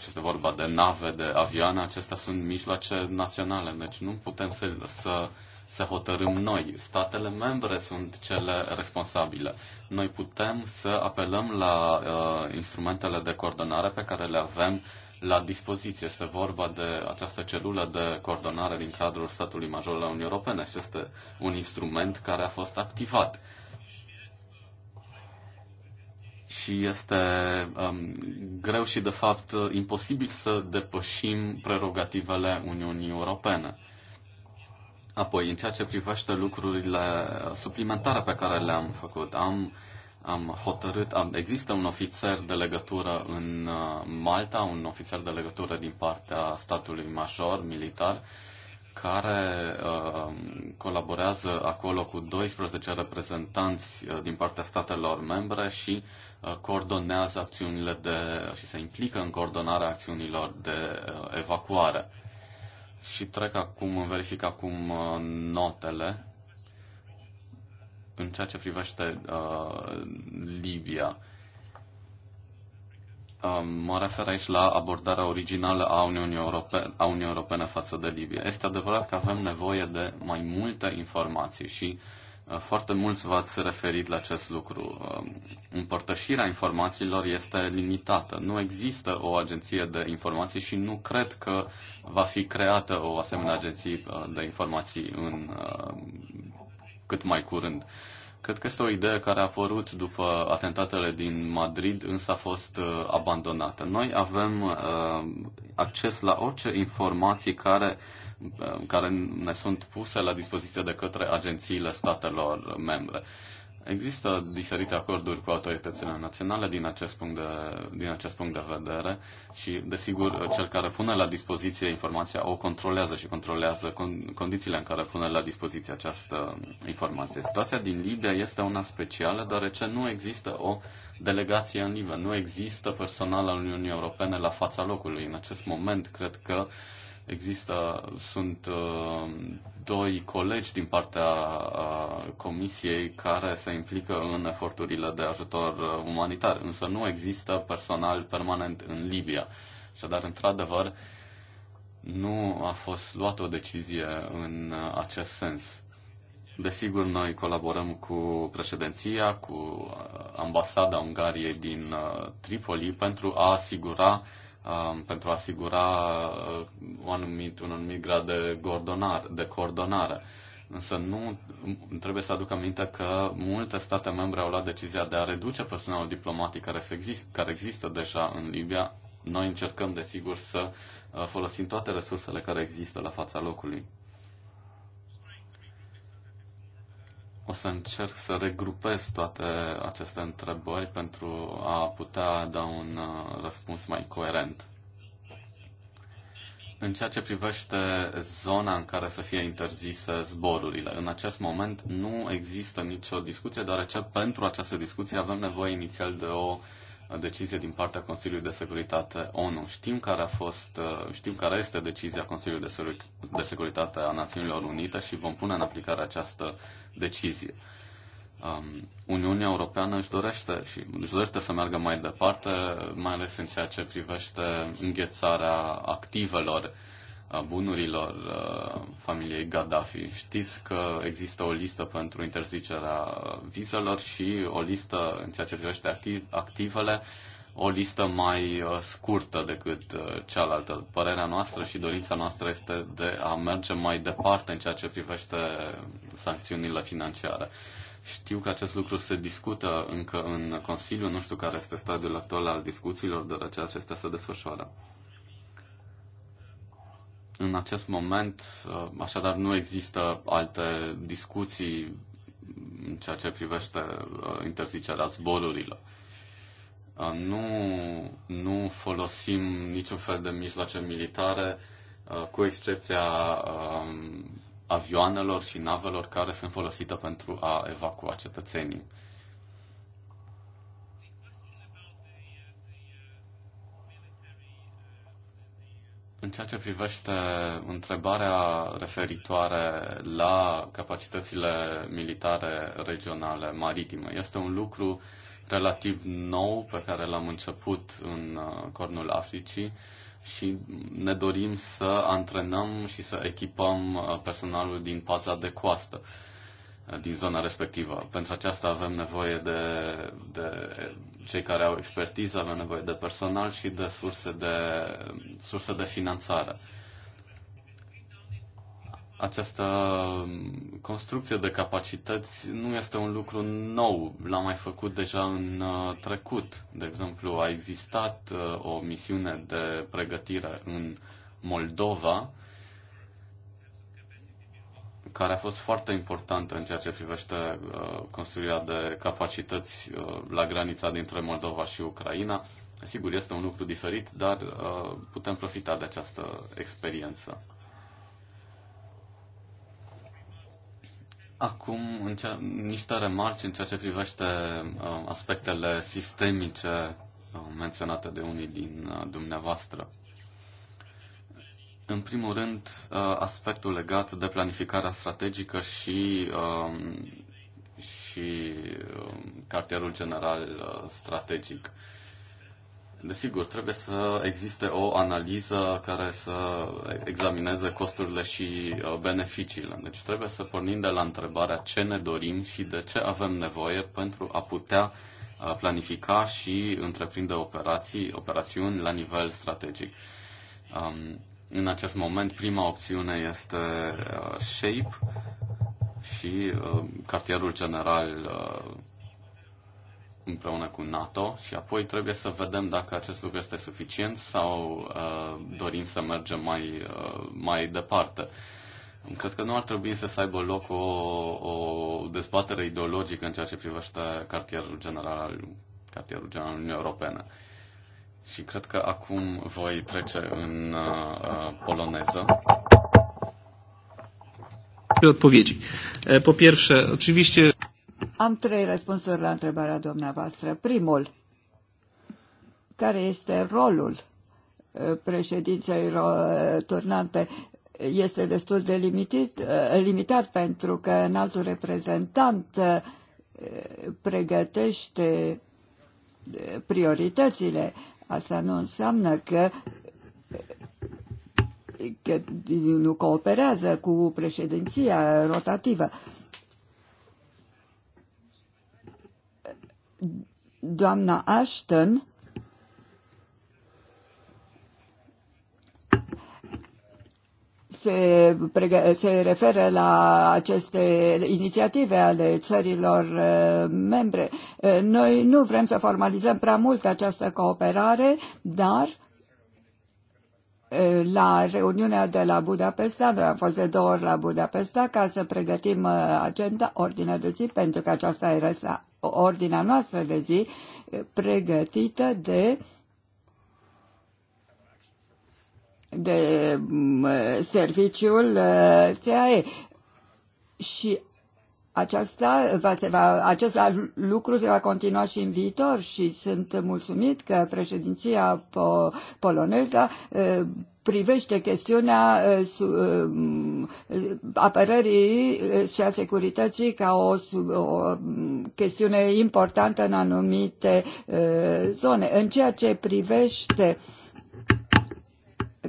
și este vorba de nave, de avioane, acestea sunt mijloace naționale, deci nu putem să, să să hotărâm noi. Statele membre sunt cele responsabile. Noi putem să apelăm la uh, instrumentele de coordonare pe care le avem la dispoziție. Este vorba de această celulă de coordonare din cadrul statului major al Uniunii Europene și este un instrument care a fost activat și este um, greu și, de fapt, imposibil să depășim prerogativele Uniunii Europene. Apoi, în ceea ce privește lucrurile suplimentare pe care le-am făcut, am, am hotărât, am, există un ofițer de legătură în uh, Malta, un ofițer de legătură din partea statului major militar, care uh, colaborează acolo cu 12 reprezentanți uh, din partea statelor membre și uh, coordonează acțiunile de, și se implică în coordonarea acțiunilor de uh, evacuare și trec acum, verific acum uh, notele în ceea ce privește uh, Libia. Uh, mă refer aici la abordarea originală a Uniunii, Europene, a Uniunii Europene față de Libia. Este adevărat că avem nevoie de mai multe informații și uh, Uh, foarte mulți v-ați referit la acest lucru. Um, împărtășirea informațiilor este limitată. Nu există o agenție de informații și nu cred că va fi creată o asemenea agenție uh, de informații în uh, cât mai curând. Cred că este o idee care a apărut după atentatele din Madrid, însă a fost abandonată. Noi avem acces la orice informații care Uh, care ne sunt puse la dispoziție de către agențiile statelor membre. Există diferite acorduri cu autoritățile naționale din acest punct de, din acest punct de vedere și, desigur, cel care pune la dispoziție informația o controlează și controlează con- condițiile în care pune la dispoziție această informație. Situația din Libia este una specială, deoarece nu există o delegație în Libia, nu există personal al Uniunii Europene la fața locului. În acest moment, cred că uh, Există, sunt uh, doi colegi din partea uh, Comisiei care se implică în eforturile de ajutor uh, umanitar, însă nu există personal permanent în Libia. Și dar, într-adevăr, nu a fost luată o decizie în acest sens. Desigur, noi colaborăm cu președinția, cu ambasada Ungariei din Tripoli pentru a asigura uh, Um, pentru a asigura uh, un anumit, un anumit grad de, gordonar, de coordonare. Însă nu trebuie să aduc aminte că multe state membre au luat decizia de a reduce personalul diplomatic care, se exist, care există deja în Libia. Noi încercăm, desigur, să uh, folosim toate resursele care există la fața locului. O să încerc să regrupez toate aceste întrebări pentru a putea da un uh, răspuns mai coerent. În ceea ce privește zona în care să fie interzise zborurile, în acest moment nu există nicio discuție, deoarece pentru această discuție avem nevoie inițial de o uh, decizie din partea Consiliului de Securitate ONU. Știm care, a fost, uh, știm care este decizia Consiliului de, Securitate a Națiunilor Unite și vom pune în aplicare această decizie. Um, Uniunea Europeană își dorește și își dorește să meargă mai departe, mai ales în ceea ce privește înghețarea activelor bunurilor uh, familiei Gaddafi. Știți că există o listă pentru interzicerea vizelor și o listă în ceea ce privește activele, o listă mai uh, scurtă decât uh, cealaltă. Părerea noastră și dorința noastră este de a merge mai departe în ceea ce privește sancțiunile financiare. Știu că acest lucru se discută încă în Consiliu, nu știu care este stadiul actual al discuțiilor, dar ceea ce se desfășoară. În acest moment, uh, așadar, nu există alte discuții în ceea ce privește uh, interzicerea zborurilor. Uh, nu, nu folosim niciun fel de mijloace militare, cu excepția um, avioanelor și navelor care sunt folosite pentru a evacua cetățenii. În ceea ce privește întrebarea referitoare la capacitățile militare regionale maritime, este un lucru relativ nou pe care l-am început în uh, Cornul Africii și ne dorim să antrenăm și să echipăm uh, personalul din paza de coastă din zona respectivă. Pentru aceasta avem nevoie de, de cei care au expertiză, avem nevoie de personal și de surse de, surse de finanțare. Această construcție de capacități nu este un lucru nou, l-am mai făcut deja în uh, trecut. De exemplu, a existat uh, o misiune de pregătire în Moldova, care a fost foarte importantă în ceea ce privește uh, construirea de capacități uh, la granița dintre Moldova și Ucraina. Sigur, este un lucru diferit, dar uh, putem profita de această experiență. Acum cea, niște remarci în ceea ce privește uh, aspectele sistemice uh, menționate de unii din uh, dumneavoastră. În primul rând, uh, aspectul legat de planificarea strategică și, um, și um, cartierul general uh, strategic. Desigur, trebuie să existe o analiză care să examineze costurile și uh, beneficiile. Deci trebuie să pornim de la întrebarea ce ne dorim și de ce avem nevoie pentru a putea planifica și întreprinde operații, operațiuni la nivel strategic. Um, în acest moment, prima opțiune este uh, Shape și uh, cartierul general uh, împreună cu NATO și apoi trebuie să vedem dacă acest lucru este suficient sau uh, dorim să mergem mai, uh, mai departe. Cred că nu ar trebui să, aibă loc o, o dezbatere ideologică în ceea ce privește cartierul general al cartierul general Uniunii Europene. Uh, și cred că acum voi trece în uh, poloneză. Odpowiedzi. Po pierwsze, oczywiście... Am trei răspunsuri la întrebarea dumneavoastră. Primul, care este rolul președinței turnante este destul de limitit, limitat pentru că înaltul reprezentant pregătește prioritățile Asta nu înseamnă că că nu cooperează cu președinția rotativă. Doamna Ashton se, se referă la aceste inițiative ale țărilor uh, membre. Uh, noi nu vrem să formalizăm prea mult această cooperare, dar uh, la reuniunea de la Budapesta, noi am fost de două ori la Budapesta ca să pregătim agenda, ordinea de zi, pentru că aceasta era ordinea noastră de zi pregătită de uh, de serviciul uh, CAE. Și aceasta va, se va, acest lucru se va continua și în viitor și sunt mulțumit că președinția po- poloneză uh, privește chestiunea uh, apărării și a securității ca o, o chestiune importantă în anumite zone. În ceea ce privește uh,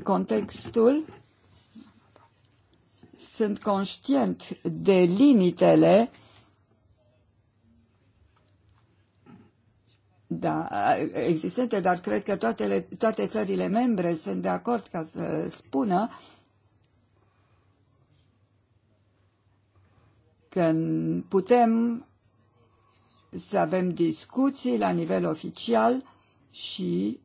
contextul sunt conștient de limitele da, existente, dar cred că toate, toate țările membre sunt de acord ca să spună că putem să avem discuții la nivel oficial și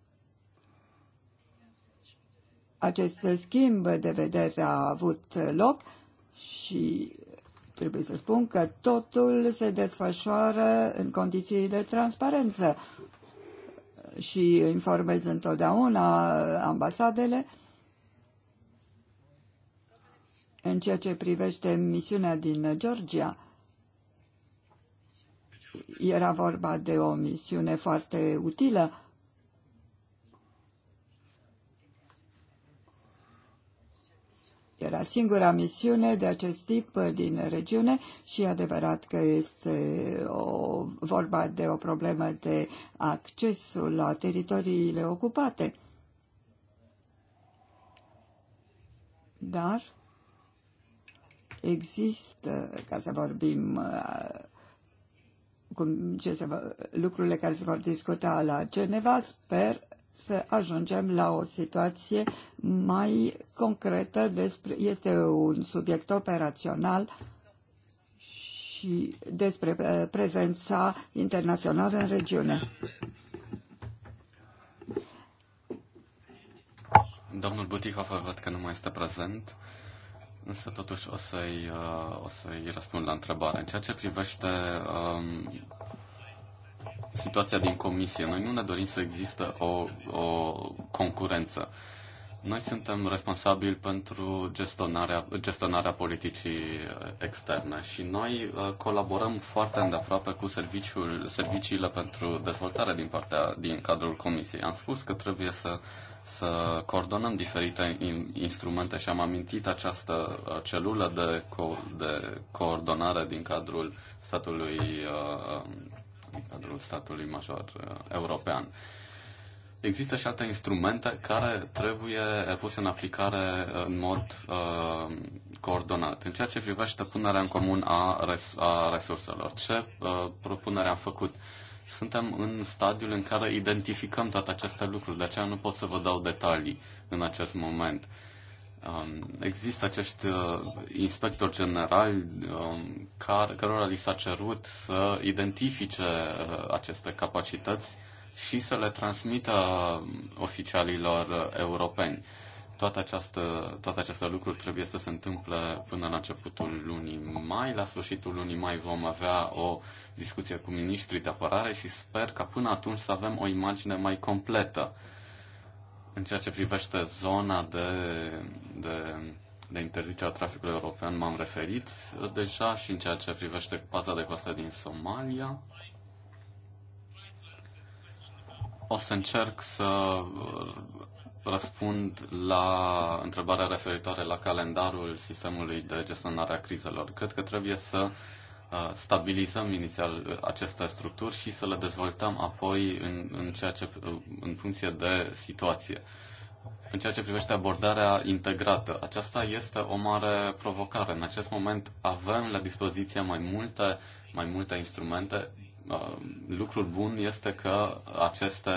acest schimb de vedere a avut loc și trebuie să spun că totul se desfășoară în condiții de transparență și informez întotdeauna ambasadele în ceea ce privește misiunea din Georgia. Era vorba de o misiune foarte utilă Era singura misiune de acest tip uh, din regiune și e adevărat că este o, vorba de o problemă de accesul la teritoriile ocupate. Dar există, ca să vorbim uh, cum, ce se va, lucrurile care se vor discuta la Geneva, sper să ajungem la o situație mai concretă. Despre, este un subiect operațional și despre eh, prezența internațională în regiune. Domnul a văd că nu mai este prezent, însă totuși o să-i, eh, o să-i răspund la întrebare. În ceea ce privește um, situația din comisie. Noi nu ne dorim să există o, o concurență. Noi suntem responsabili pentru gestionarea, gestionarea politicii externe și noi uh, colaborăm foarte îndeaproape cu serviciul, serviciile pentru dezvoltare din partea din cadrul comisiei. Am spus că trebuie să, să coordonăm diferite instrumente și am amintit această uh, celulă de, co, de coordonare din cadrul statului uh, în cadrul statului major uh, european. Există și alte instrumente care trebuie uh, puse în aplicare uh, în mod uh, coordonat. În ceea ce privește punerea în comun a, res- a resurselor, ce uh, propunere am făcut? Suntem în stadiul în care identificăm toate aceste lucruri, de aceea nu pot să vă dau detalii în acest moment. Uh, Um, există acești uh, inspectori generali um, care, cărora li s-a cerut să identifice uh, aceste capacități și să le transmită uh, oficialilor europeni. Toate, această, toate aceste lucruri trebuie să se întâmple până la începutul lunii mai. La sfârșitul lunii mai vom avea o discuție cu ministrii de apărare și sper ca până atunci să avem o imagine mai completă în ceea ce privește zona de, de, de interzicere a traficului european, m-am referit deja și în ceea ce privește paza de coastă din Somalia. O să încerc să răspund la întrebarea referitoare la calendarul sistemului de gestionare a crizelor. Cred că trebuie să uh, stabilizăm inițial aceste structuri și să le dezvoltăm apoi în, în, ceea ce, în funcție de situație. În ceea ce privește abordarea integrată, aceasta este o mare provocare. În acest moment avem la dispoziție mai multe, mai multe instrumente. Lucrul bun este că aceste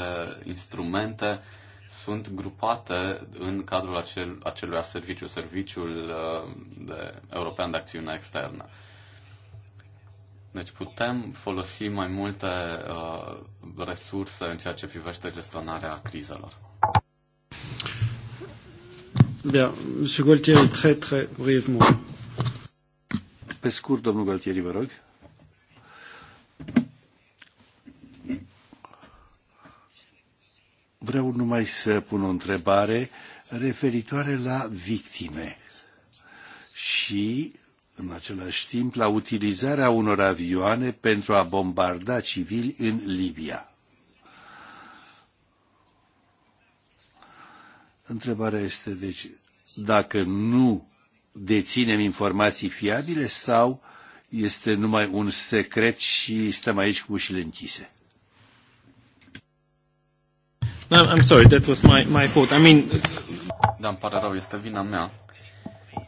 instrumente sunt grupate în cadrul acel, acelui serviciu, Serviciul de European de Acțiune Externă. Deci putem folosi mai multe uh, resurse în ceea ce privește gestionarea crizelor. Bine, Monsieur Gualtieri, très très brièvement. Pe scurt, domnul Gualtieri, vă rog. Vreau numai să pun o întrebare referitoare la victime și în același timp la utilizarea unor avioane pentru a bombarda civili în Libia. Întrebarea este, deci, dacă nu deținem informații fiabile sau este numai un secret și stăm aici cu ușile închise? No, I'm sorry, that was my, my fault. I mean... Da, îmi pare rău, este vina mea.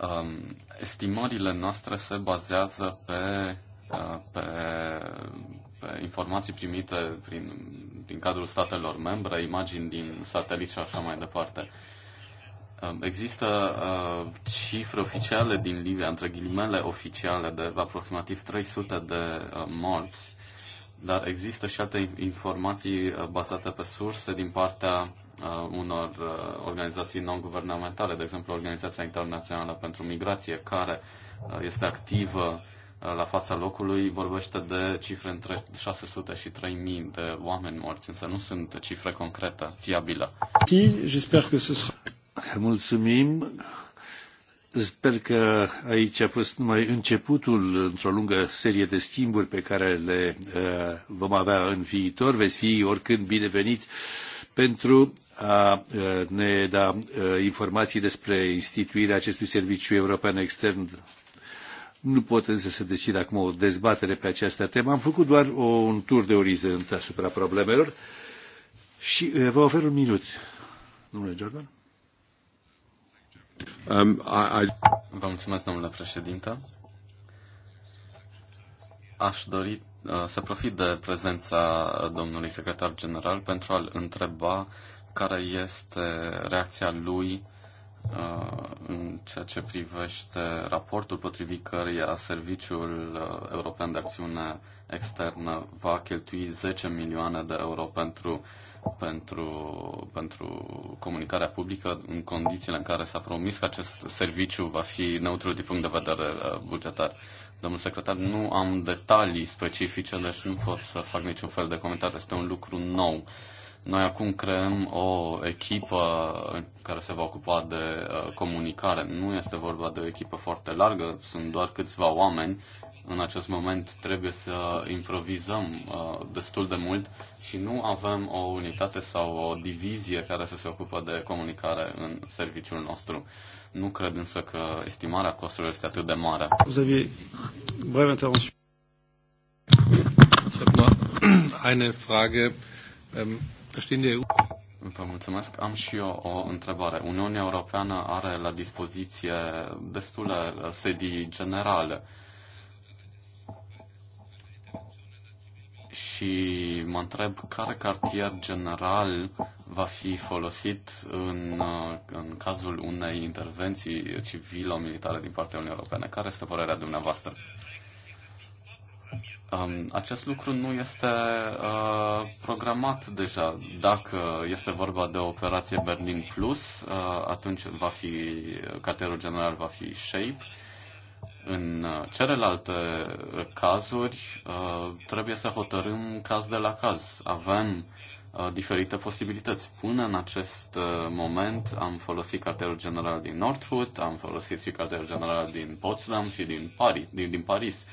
Um, Estimările noastre se bazează pe, uh, pe, pe informații primite prin, din cadrul statelor membre, imagini din sateliți și așa mai departe. Um, există uh, cifre oficiale din Libia, între ghilimele oficiale, de aproximativ 300 de uh, morți, dar există și alte informații uh, bazate pe surse din partea Uh, unor uh, organizații non-guvernamentale, de exemplu Organizația Internațională pentru Migrație, care uh, este activă la fața locului, vorbește de cifre între 600 și 3000 de oameni morți, însă nu sunt cifre concrete, fiabile. Mulțumim. Sper că aici a fost numai începutul într-o lungă serie de schimburi pe care le uh, vom avea în viitor. Veți fi oricând binevenit pentru a ne da informații despre instituirea acestui serviciu european extern. Nu pot însă să decid acum o dezbatere pe această temă. Am făcut doar o, un tur de orizont asupra problemelor și vă ofer un minut. Domnule Jordan? Um, I, I... Vă mulțumesc, domnule președinte. Aș dori Uh, să profit de prezența domnului secretar general pentru a-l întreba care este reacția lui uh, în ceea ce privește raportul potrivit căruia Serviciul uh, European de Acțiune Externă va cheltui 10 milioane de euro pentru, pentru, pentru comunicarea publică în condițiile în care s-a promis că acest serviciu va fi neutru din punct de vedere bugetar domnul secretar, nu am detalii specifice, deci nu pot să fac niciun fel de comentariu. Este un lucru nou. Noi acum creăm o echipă care se va ocupa de uh, comunicare. Nu este vorba de o echipă foarte largă, sunt doar câțiva oameni. În acest moment trebuie să improvizăm uh, destul de mult și nu avem o unitate sau o divizie care să se ocupe de comunicare în serviciul nostru. Nu cred însă că estimarea costurilor este atât de mare. Ähm, da Vă mulțumesc. Am și eu o întrebare. Uniunea Europeană are la dispoziție destule uh, sedii generale. și mă întreb care cartier general va fi folosit în, uh, în cazul unei intervenții civilo-militare din partea Uniunii Europene. Care este părerea dumneavoastră? Um, acest lucru nu este uh, programat deja. Dacă este vorba de operație Berlin Plus, uh, atunci va fi, cartierul general va fi SHAPE. În uh, celelalte uh, cazuri, uh, trebuie să hotărâm caz de la caz. Avem diferite posibilități. Până în acest moment am folosit cartierul general din Northwood, am folosit și cartierul general din Potsdam și din Paris. Din, din Paris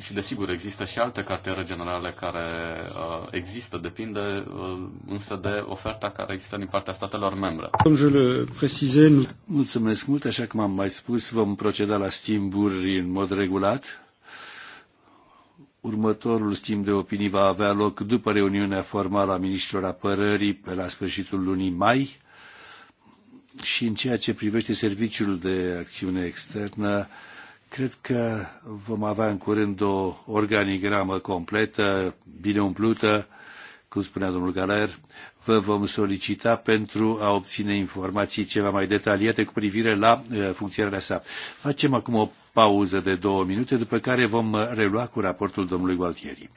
și desigur există și alte cartiere generale care uh, există, depinde uh, însă de oferta care există din partea statelor membre. Mulțumesc mult, așa cum am mai spus, vom proceda la schimburi în mod regulat. Următorul schimb de opinii va avea loc după reuniunea formală a ministrilor apărării pe la sfârșitul lunii mai și în ceea ce privește serviciul de acțiune externă, Cred că vom avea în curând o organigramă completă, bine umplută, cum spunea domnul Galer, vă vom solicita pentru a obține informații ceva mai detaliate cu privire la uh, funcționarea sa. Facem acum o pauză de două minute, după care vom relua cu raportul domnului Gualtieri.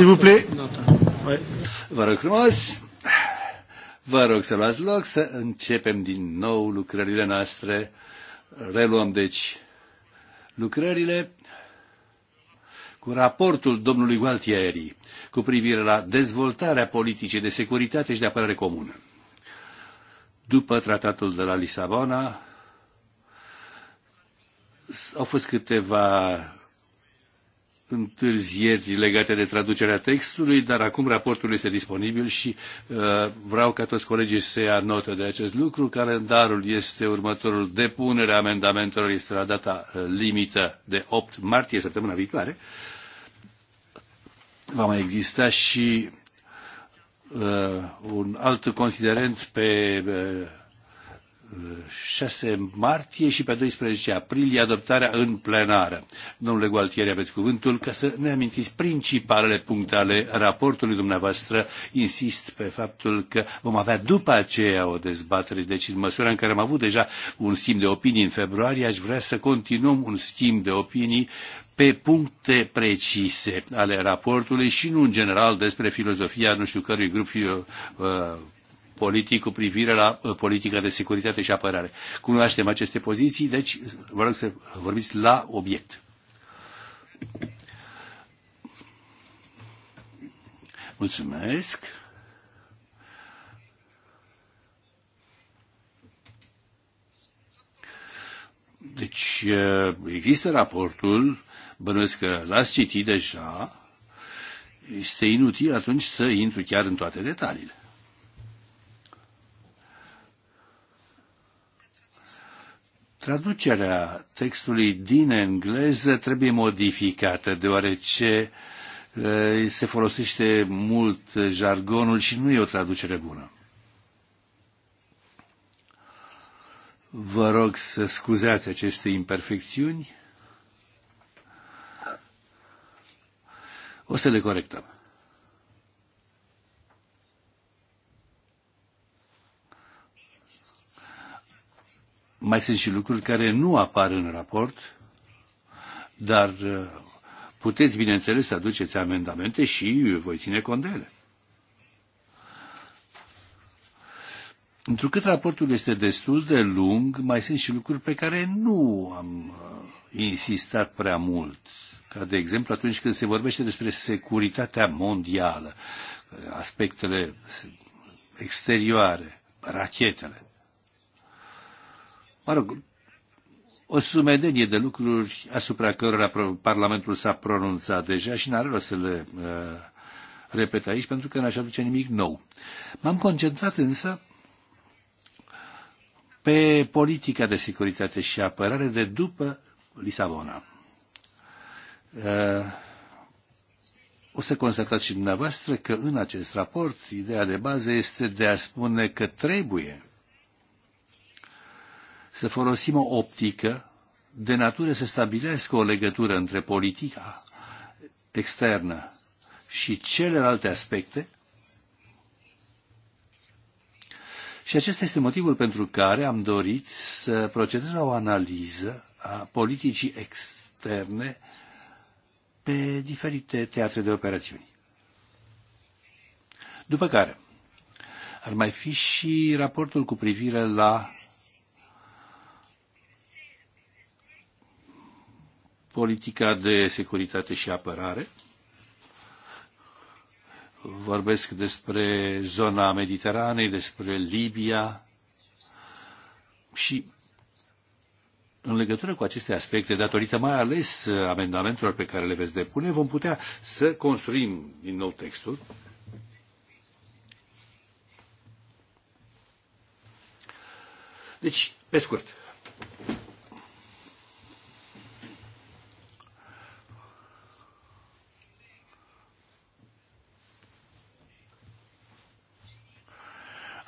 S'il vous plaît. Vă rog frumos. Vă rog să luați loc să începem din nou lucrările noastre. Reluăm, deci, lucrările cu raportul domnului Gualtieri cu privire la dezvoltarea politicii de securitate și de apărare comună. După tratatul de la Lisabona, au fost câteva întârzieri legate de traducerea textului, dar acum raportul este disponibil și uh, vreau ca toți colegii să ia notă de acest lucru. Calendarul este următorul. Depunerea amendamentelor este la data uh, limită de 8 martie, săptămâna viitoare. Va mai exista și uh, un alt considerent pe uh, 6 martie și pe 12 aprilie adoptarea în plenară. Domnule Gualtieri, aveți cuvântul ca să ne amintiți principalele puncte ale raportului dumneavoastră. Insist pe faptul că vom avea după aceea o dezbatere. Deci în măsura în care am avut deja un schimb de opinii în februarie, aș vrea să continuăm un schimb de opinii pe puncte precise ale raportului și nu în general despre filozofia nu știu cărui grup politic cu privire la uh, politica de securitate și apărare. Cunoaștem aceste poziții, deci vă rog să vorbiți la obiect. Mulțumesc. Deci uh, există raportul, bănuiesc că l-ați citit deja, este inutil atunci să intru chiar în toate detaliile. Traducerea textului din engleză trebuie modificată, deoarece eh, se folosește mult jargonul și nu e o traducere bună. Vă rog să scuzați aceste imperfecțiuni. O să le corectăm. Mai sunt și lucruri care nu apar în raport, dar uh, puteți, bineînțeles, să aduceți amendamente și voi ține cont de ele. Întrucât raportul este destul de lung, mai sunt și lucruri pe care nu am uh, insistat prea mult. Ca de exemplu atunci când se vorbește despre securitatea mondială, aspectele exterioare, rachetele mă rog, o sumedenie de lucruri asupra cărora Parlamentul s-a pronunțat deja și n-are rost să le uh, repet aici pentru că n-aș aduce nimic nou. M-am concentrat însă pe politica de securitate și apărare de după Lisabona. Uh, o să constatați și dumneavoastră că în acest raport ideea de bază este de a spune că trebuie să folosim o optică de natură să stabilească o legătură între politica externă și celelalte aspecte. Și acesta este motivul pentru care am dorit să procedez la o analiză a politicii externe pe diferite teatre de operațiuni. După care, ar mai fi și raportul cu privire la politica de securitate și apărare. Vorbesc despre zona Mediteranei, despre Libia și în legătură cu aceste aspecte, datorită mai ales amendamentelor pe care le veți depune, vom putea să construim din nou textul. Deci, pe scurt,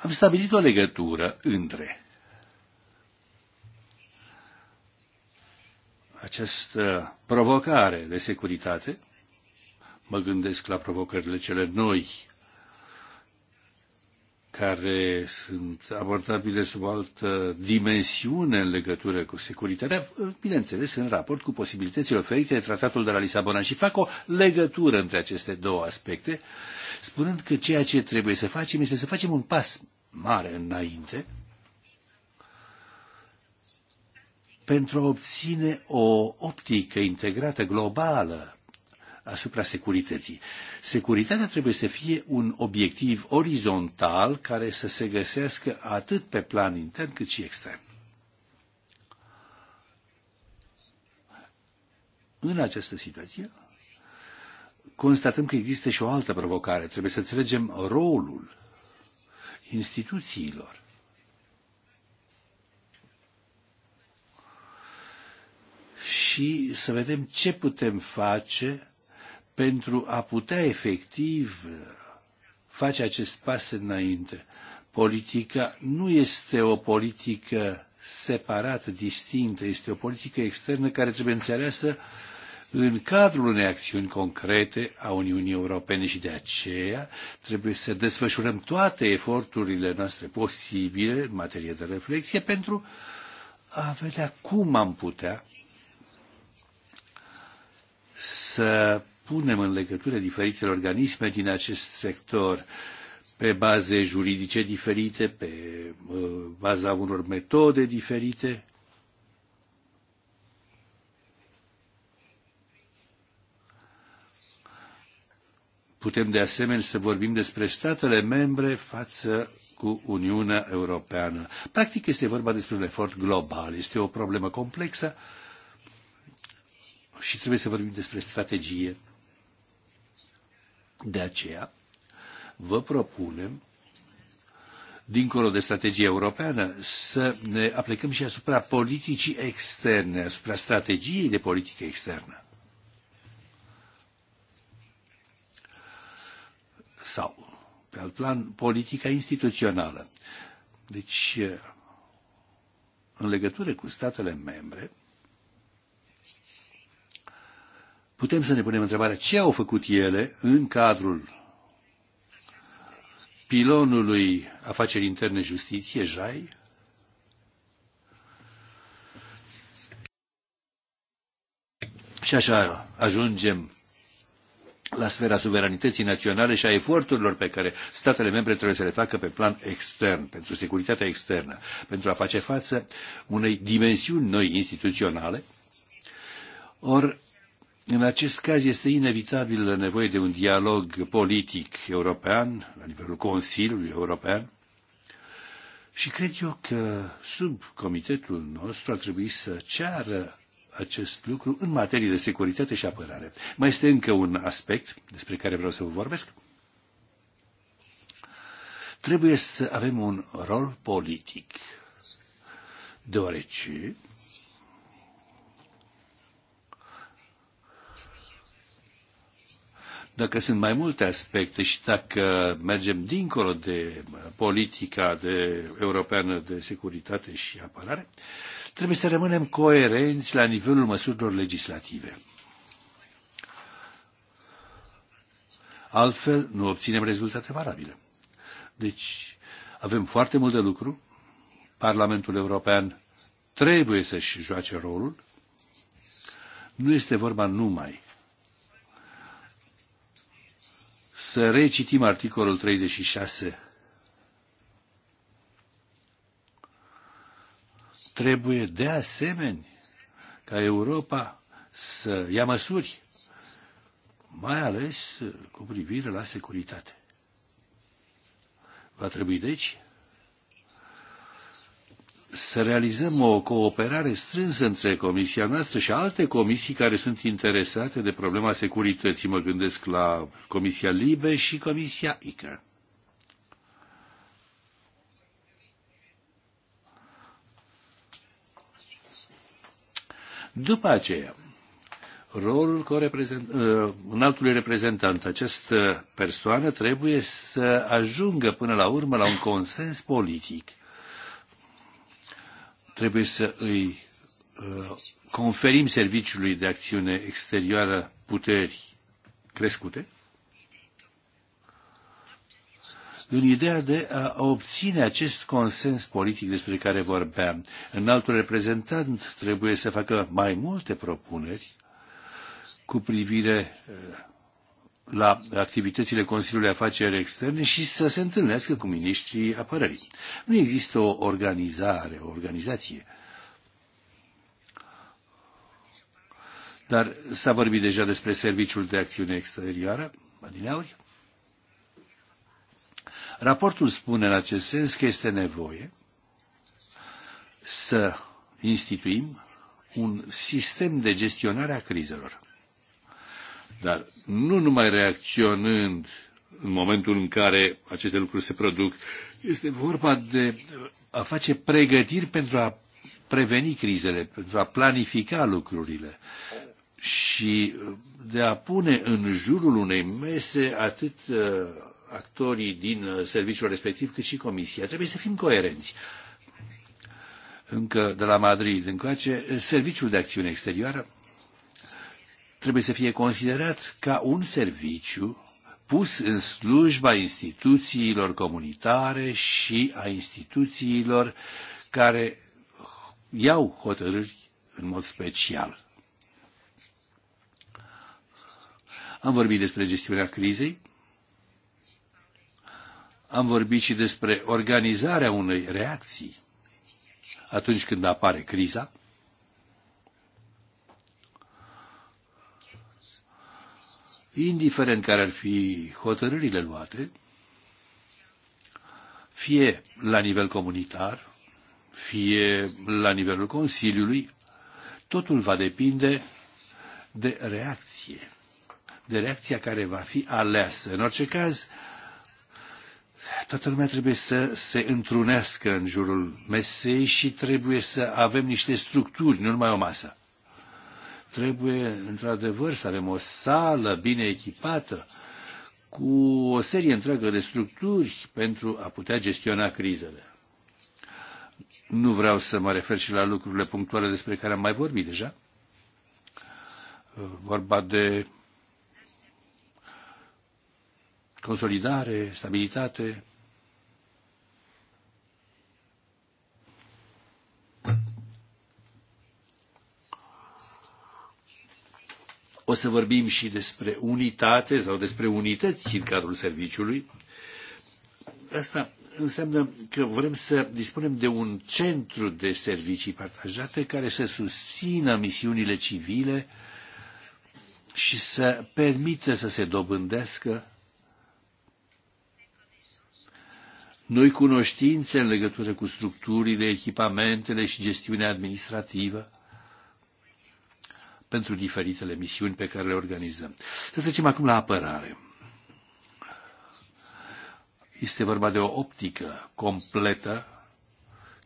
Am stabilit o legătură între această provocare de securitate, mă gândesc la provocările cele noi, care sunt abordabile sub altă dimensiune în legătură cu securitatea, bineînțeles, în raport cu posibilitățile oferite de Tratatul de la Lisabona. Și fac o legătură între aceste două aspecte, spunând că ceea ce trebuie să facem este să facem un pas mare înainte pentru a obține o optică integrată globală asupra securității. Securitatea trebuie să fie un obiectiv orizontal care să se găsească atât pe plan intern cât și extern. În această situație, constatăm că există și o altă provocare. Trebuie să înțelegem rolul instituțiilor. Și să vedem ce putem face pentru a putea efectiv face acest pas înainte. Politica nu este o politică separată, distinctă, este o politică externă care trebuie înțeleasă uh, în cadrul unei acțiuni concrete a Uniunii Europene și de aceea trebuie să desfășurăm toate eforturile noastre posibile în materie de reflexie pentru a vedea cum am putea să punem în legătură diferitele organisme din acest sector pe baze juridice diferite, pe uh, baza unor metode diferite Putem de asemenea să vorbim despre statele membre față cu Uniunea Europeană. Practic este vorba despre un efort global, este o problemă complexă și trebuie să vorbim despre strategie. De aceea vă propunem, dincolo de strategia europeană, să ne aplicăm și asupra politicii externe, asupra strategiei de politică externă. sau pe alt plan politica instituțională. Deci, în legătură cu statele membre, putem să ne punem întrebarea ce au făcut ele în cadrul pilonului afaceri interne justiție, JAI, și așa ajungem la sfera suveranității naționale și a eforturilor pe care statele membre trebuie să le facă pe plan extern, pentru securitatea externă, pentru a face față unei dimensiuni noi instituționale. Or, în acest caz este inevitabil nevoie de un dialog politic european, la nivelul Consiliului European, și cred eu că sub comitetul nostru ar trebui să ceară acest lucru în materie de securitate și apărare. Mai este încă un aspect despre care vreau să vă vorbesc. Trebuie să avem un rol politic, deoarece dacă sunt mai multe aspecte și dacă mergem dincolo de politica de europeană de securitate și apărare, uh, Trebuie să rămânem coerenți la nivelul măsurilor legislative. Altfel, nu obținem rezultate valabile. Deci, avem foarte mult de lucru. Parlamentul European trebuie să-și joace rolul. Nu este vorba numai să recitim articolul 36 Trebuie de asemenea ca Europa să ia măsuri, mai ales cu privire la securitate. Va trebui, deci, să realizăm o cooperare strânsă între comisia noastră și alte comisii care sunt interesate de problema securității. Mă gândesc la Comisia Libe și Comisia ICA. După aceea, rolul uh, înaltului reprezentant, această persoană trebuie să ajungă până la urmă la un consens politic. Trebuie să îi uh, conferim serviciului de acțiune exterioară puteri crescute în ideea de a obține acest consens politic despre care vorbeam. În altul reprezentant trebuie să facă mai multe propuneri cu privire eh, la activitățile Consiliului Afaceri Externe și să se întâlnească cu miniștrii apărării. Nu există o organizare, o organizație. Dar s-a vorbit deja despre Serviciul de Acțiune Exterioară, adineauri, Raportul spune în acest sens că este nevoie să instituim un sistem de gestionare a crizelor. Dar nu numai reacționând în momentul în care aceste lucruri se produc, este vorba de a face pregătiri pentru a preveni crizele, pentru a planifica lucrurile și de a pune în jurul unei mese atât uh, actorii din uh, serviciul respectiv, cât și Comisia. Trebuie să fim coerenți. Încă de la Madrid încoace, Serviciul de Acțiune Exterioară trebuie să fie considerat ca un serviciu pus în slujba instituțiilor comunitare și a instituțiilor care iau hotărâri în mod special. Am vorbit despre gestiunea crizei, am vorbit și despre organizarea unei reacții atunci când apare criza. Indiferent care ar fi hotărârile luate, fie la nivel comunitar, fie la nivelul Consiliului, totul va depinde de reacție, de reacția care va fi aleasă. În orice caz, toată lumea trebuie să se întrunească în jurul mesei și trebuie să avem niște structuri, nu numai o masă. Trebuie, într-adevăr, să avem o sală bine echipată, cu o serie întreagă de structuri pentru a putea gestiona crizele. Nu vreau să mă refer și la lucrurile punctuale despre care am mai vorbit deja. Vorba de consolidare, stabilitate. O să vorbim și despre unitate sau despre unități în cadrul serviciului. Asta înseamnă că vrem să dispunem de un centru de servicii partajate care să susțină misiunile civile și să permită să se dobândească noi cunoștințe în legătură cu structurile, echipamentele și gestiunea administrativă pentru diferitele misiuni pe care le organizăm. Să trecem acum la apărare. Este vorba de o optică completă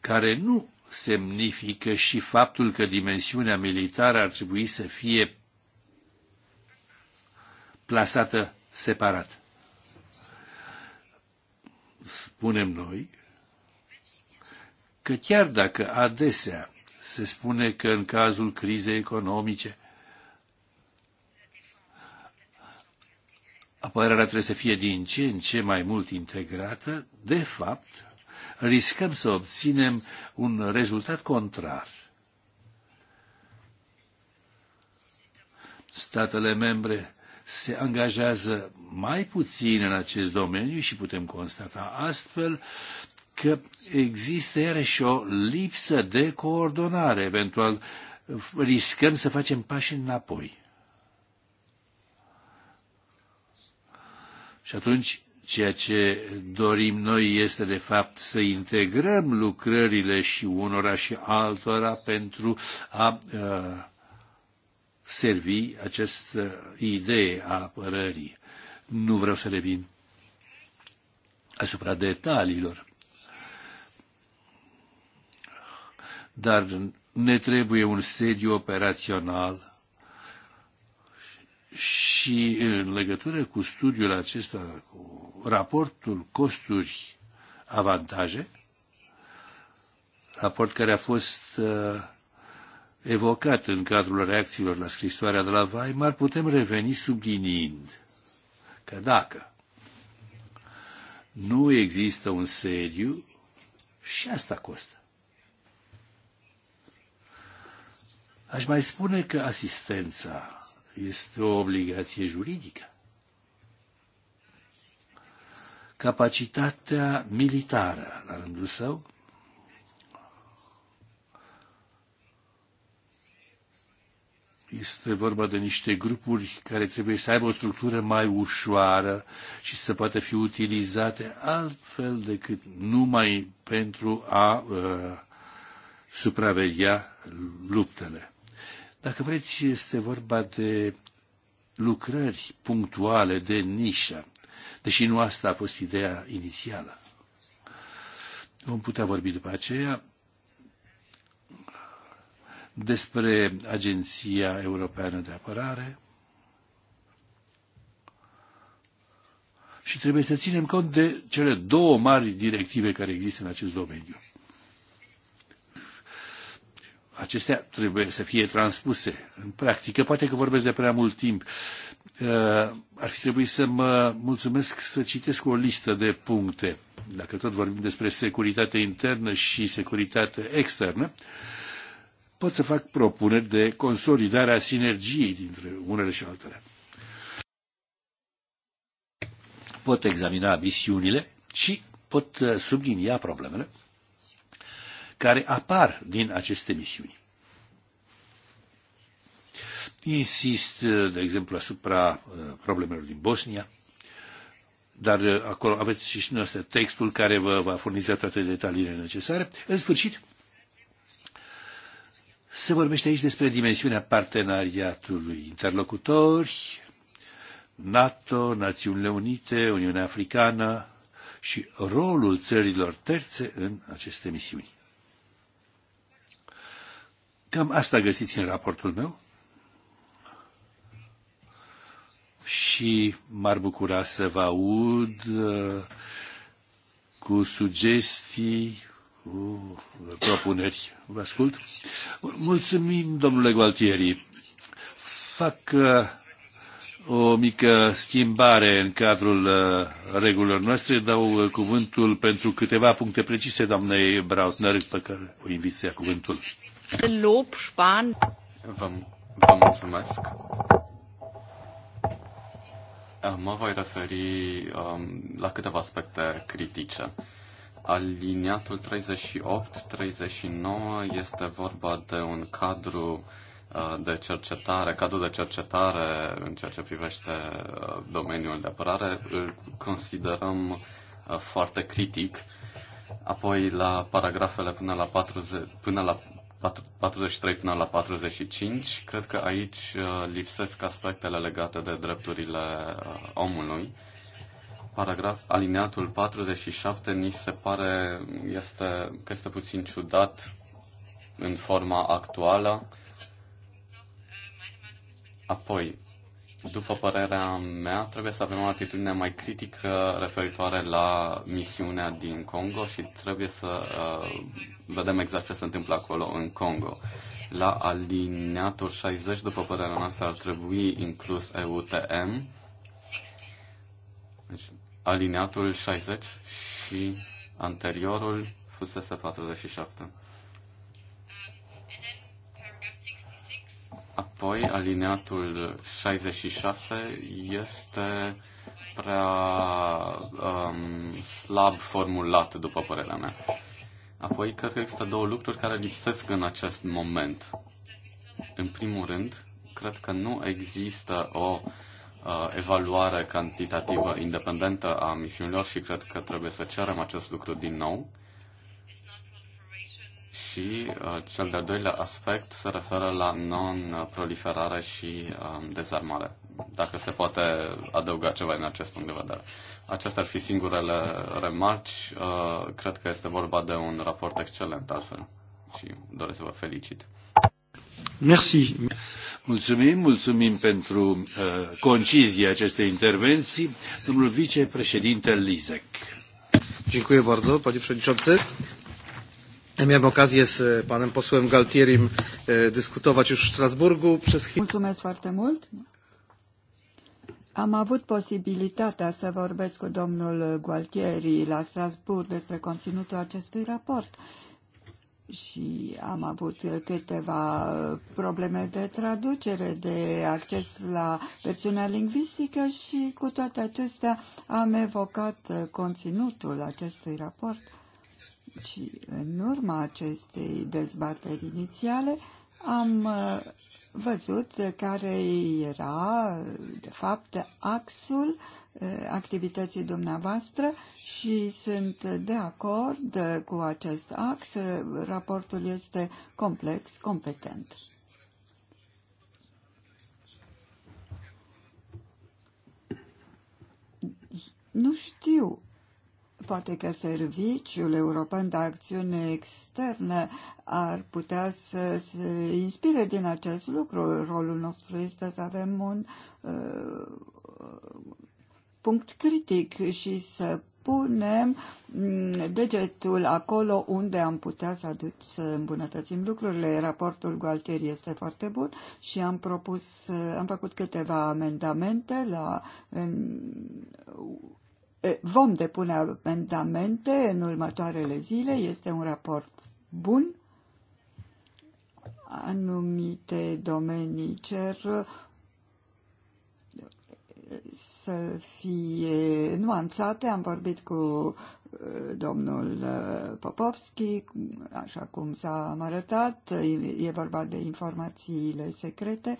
care nu semnifică și faptul că dimensiunea militară ar trebui să fie plasată separat spunem noi că chiar dacă adesea se spune că în cazul crizei economice apărarea trebuie să fie din ce în ce mai mult integrată, de fapt riscăm să obținem un rezultat contrar. Statele membre se angajează mai puțin în acest domeniu și putem constata astfel că există iarăși o lipsă de coordonare. Eventual riscăm să facem pași înapoi. Și atunci ceea ce dorim noi este de fapt să integrăm lucrările și unora și altora pentru a uh, servi această uh, idee a apărării. Nu vreau să revin asupra detaliilor. Dar ne trebuie un sediu operațional și în legătură cu studiul acesta, cu raportul costuri-avantaje, raport care a fost uh, evocat în cadrul reacțiilor la scrisoarea de la Weimar, putem reveni subliniind că dacă nu există un seriu, și asta costă. Aș mai spune că asistența este o obligație juridică. Capacitatea militară, la rândul său, Este vorba de niște grupuri care trebuie să aibă o structură mai ușoară și să poată fi utilizate altfel decât numai pentru a uh, supraveghea luptele. Dacă vreți, este vorba de lucrări punctuale, de nișă, deși nu asta a fost ideea inițială. Vom putea vorbi după aceea despre Agenția Europeană de Apărare și trebuie să ținem cont de cele două mari directive care există în acest domeniu. Acestea trebuie să fie transpuse în practică. Poate că vorbesc de prea mult timp. Uh, ar fi trebuit să mă mulțumesc să citesc o listă de puncte. Dacă tot vorbim despre securitate internă și securitate externă, uh, pot să fac propuneri de consolidare a sinergiei dintre unele și altele. Pot examina misiunile și pot uh, sublinia problemele care apar din aceste misiuni. Insist, uh, de exemplu, asupra uh, problemelor din Bosnia, dar acolo aveți și noastră textul care vă va furniza toate detaliile necesare. În sfârșit, se vorbește aici despre dimensiunea parteneriatului interlocutori, NATO, Națiunile Unite, Uniunea Africană și rolul țărilor terțe în aceste misiuni. Cam asta găsiți în raportul meu și m-ar bucura să vă aud uh, cu sugestii Uh, propuneri. Vă ascult. Mulțumim, domnule Gualtieri. Fac uh, o mică schimbare în cadrul uh, regulilor noastre. Dau uh, cuvântul pentru câteva puncte precise doamnei Brautner, pe care o invit să ia cuvântul. Lop, Span. Vă, vă mulțumesc. Mă voi referi um, la câteva aspecte critice aliniatul 38-39 este vorba de un cadru uh, de cercetare, cadru de cercetare în ceea ce privește uh, domeniul de apărare, îl considerăm uh, foarte critic. Apoi la paragrafele până la 40, până la 43 până la 45, cred că aici lipsesc aspectele legate de drepturile omului paragraf, alineatul 47 ni se pare este, că este puțin ciudat în forma actuală. Apoi, după părerea mea, trebuie să avem o atitudine mai critică referitoare la misiunea din Congo și trebuie să uh, vedem exact ce se întâmplă acolo în Congo. La alineatul 60, după părerea noastră, ar trebui inclus EUTM. Deci, alineatul 60 și anteriorul fusese 47. Apoi, alineatul 66 este prea um, slab formulat, după părerea mea. Apoi, cred că există două lucruri care lipsesc în acest moment. În primul rând, cred că nu există o uh, Uh, evaluare cantitativă independentă a misiunilor și cred că trebuie să cerem acest lucru din nou. Și uh, cel de-al doilea aspect se referă la non-proliferare și um, dezarmare. Dacă se poate adăuga ceva în acest punct de vedere. Acestea ar fi singurele remarci. Uh, cred că este vorba de un raport excelent altfel și doresc să vă felicit. Merci. Mulțumim, mulțumim pentru uh, concizie acestei intervenții. Domnul vicepreședinte Lizek. Dziękuję bardzo, panie przewodniczący. Miałem okazję z panem posłem Galtierim dyskutować już w Strasburgu przez chwilę. Mulțumesc foarte mult. Am avut posibilitatea să vorbesc cu domnul Gualtieri la Strasburg despre conținutul acestui raport și am avut câteva uh, probleme de traducere, de acces la versiunea lingvistică și cu toate acestea am evocat uh, conținutul acestui raport. Și în urma acestei dezbateri inițiale am uh, văzut care era, de fapt, axul uh, activității dumneavoastră și sunt de acord cu acest ax. Raportul este complex, competent. Nu știu Poate că Serviciul European de Acțiune Externă ar putea să se inspire din acest lucru. Rolul nostru este să avem un uh, punct critic și să punem mm, degetul acolo unde am putea să, aduc, să îmbunătățim lucrurile. Raportul Gualtieri este foarte bun și am propus, am făcut câteva amendamente la, în, Vom depune amendamente în următoarele zile. Este un raport bun. Anumite domenii cer să fie nuanțate. Am vorbit cu domnul Popovski, așa cum s-a arătat, e vorba de informațiile secrete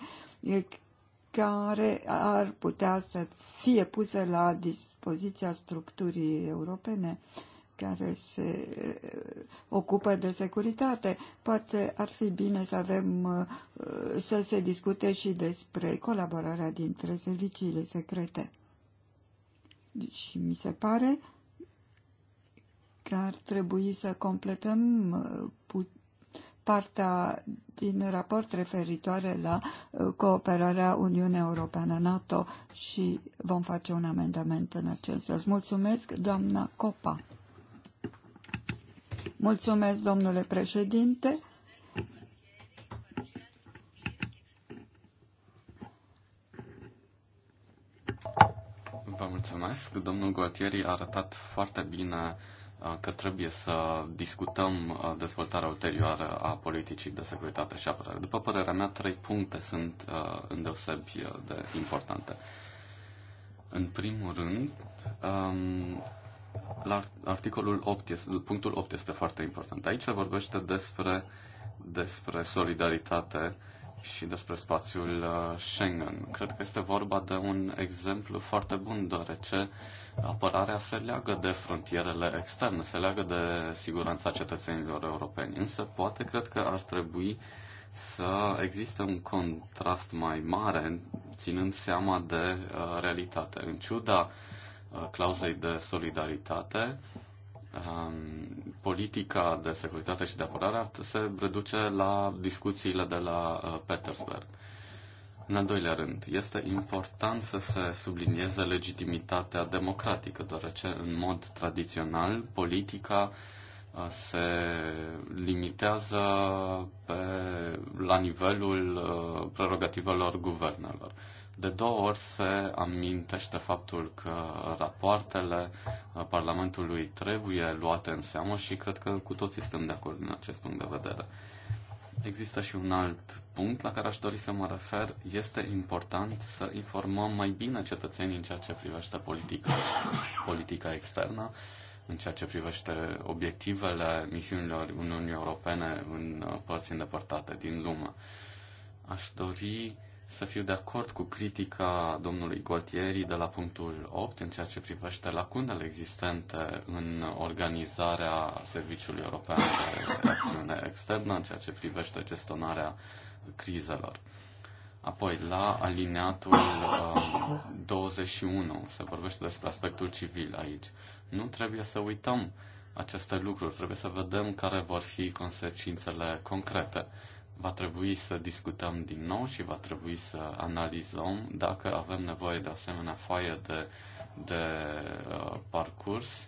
care ar putea să fie puse la dispoziția structurii europene care se eh, ocupă de securitate. Poate ar fi bine să avem eh, să se discute și despre colaborarea dintre serviciile secrete. Și mi se pare că ar trebui să completăm eh, partea din raport referitoare la uh, cooperarea Uniunea Europeană-NATO și vom face un amendament în acest sens. Mulțumesc, doamna Copa. Mulțumesc, domnule președinte. Vă mulțumesc. Domnul Gualtieri a arătat foarte bine Uh, că trebuie să discutăm uh, dezvoltarea ulterioară a politicii de securitate și apărare. După părerea mea, trei puncte sunt uh, îndeosebi de importante. În primul rând, um, la articolul 8, este, punctul 8 este foarte important. Aici se vorbește despre, despre solidaritate și despre spațiul Schengen. Cred că este vorba de un exemplu foarte bun, deoarece uh, apărarea se leagă de frontierele externe, se leagă de siguranța cetățenilor europeni. Însă poate cred că ar trebui să existe un contrast mai mare, ținând seama de uh, realitate. În ciuda uh, clauzei de solidaritate, um, politica de securitate și de apărare se reduce la discuțiile de la uh, Petersburg. În al doilea rând, este important să se sublinieze legitimitatea democratică, deoarece, în mod tradițional, politica uh, se limitează pe, la nivelul uh, prerogativelor guvernelor. De două ori se amintește faptul că rapoartele uh, Parlamentului trebuie luate în seamă și cred că cu toții suntem de acord în acest punct de vedere. Există și un alt punct la care aș dori să mă refer. Este important să informăm mai bine cetățenii în ceea ce privește politica, politica externă, în ceea ce privește obiectivele misiunilor Uniunii Europene în uh, părți îndepărtate din lume. Aș dori să fiu de acord cu critica domnului Gualtieri de la punctul 8 în ceea ce privește lacunele existente în organizarea Serviciului European de Acțiune Externă, în ceea ce privește gestionarea crizelor. Apoi, la alineatul uh, um, 21 se vorbește despre aspectul civil aici. Nu trebuie să uităm aceste lucruri, trebuie să vedem care vor fi consecințele concrete va trebui să discutăm din nou și va trebui să analizăm dacă avem nevoie de asemenea foaie de, de uh, parcurs.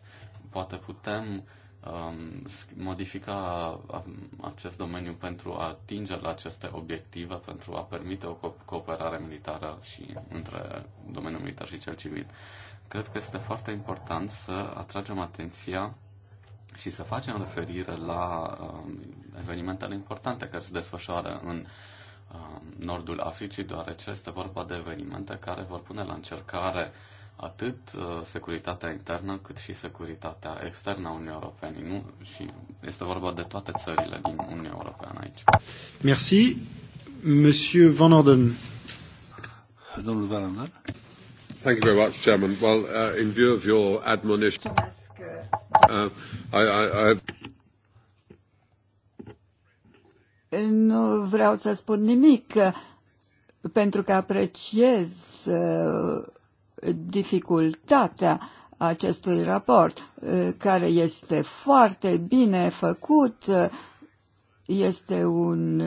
Poate putem um, modifica um, acest domeniu pentru a atinge la aceste obiective, pentru a permite o co- cooperare militară și între domeniul militar și cel civil. Cred că este foarte important să atragem atenția și să facem referire la uh, evenimentele importante care se desfășoară în uh, nordul Africii, deoarece este vorba de evenimente care vor pune la încercare atât uh, securitatea internă cât și securitatea externă a Uniunii Europene. Nu? Și este vorba de toate țările din Uniunea Europeană aici. Merci, Monsieur Van Orden. Domnul Van Orden. Thank you very much, Chairman. Well, uh, in view of your admonition... Uh, nu vreau să spun nimic, pentru că apreciez uh, dificultatea acestui raport, uh, care este foarte bine făcut, este un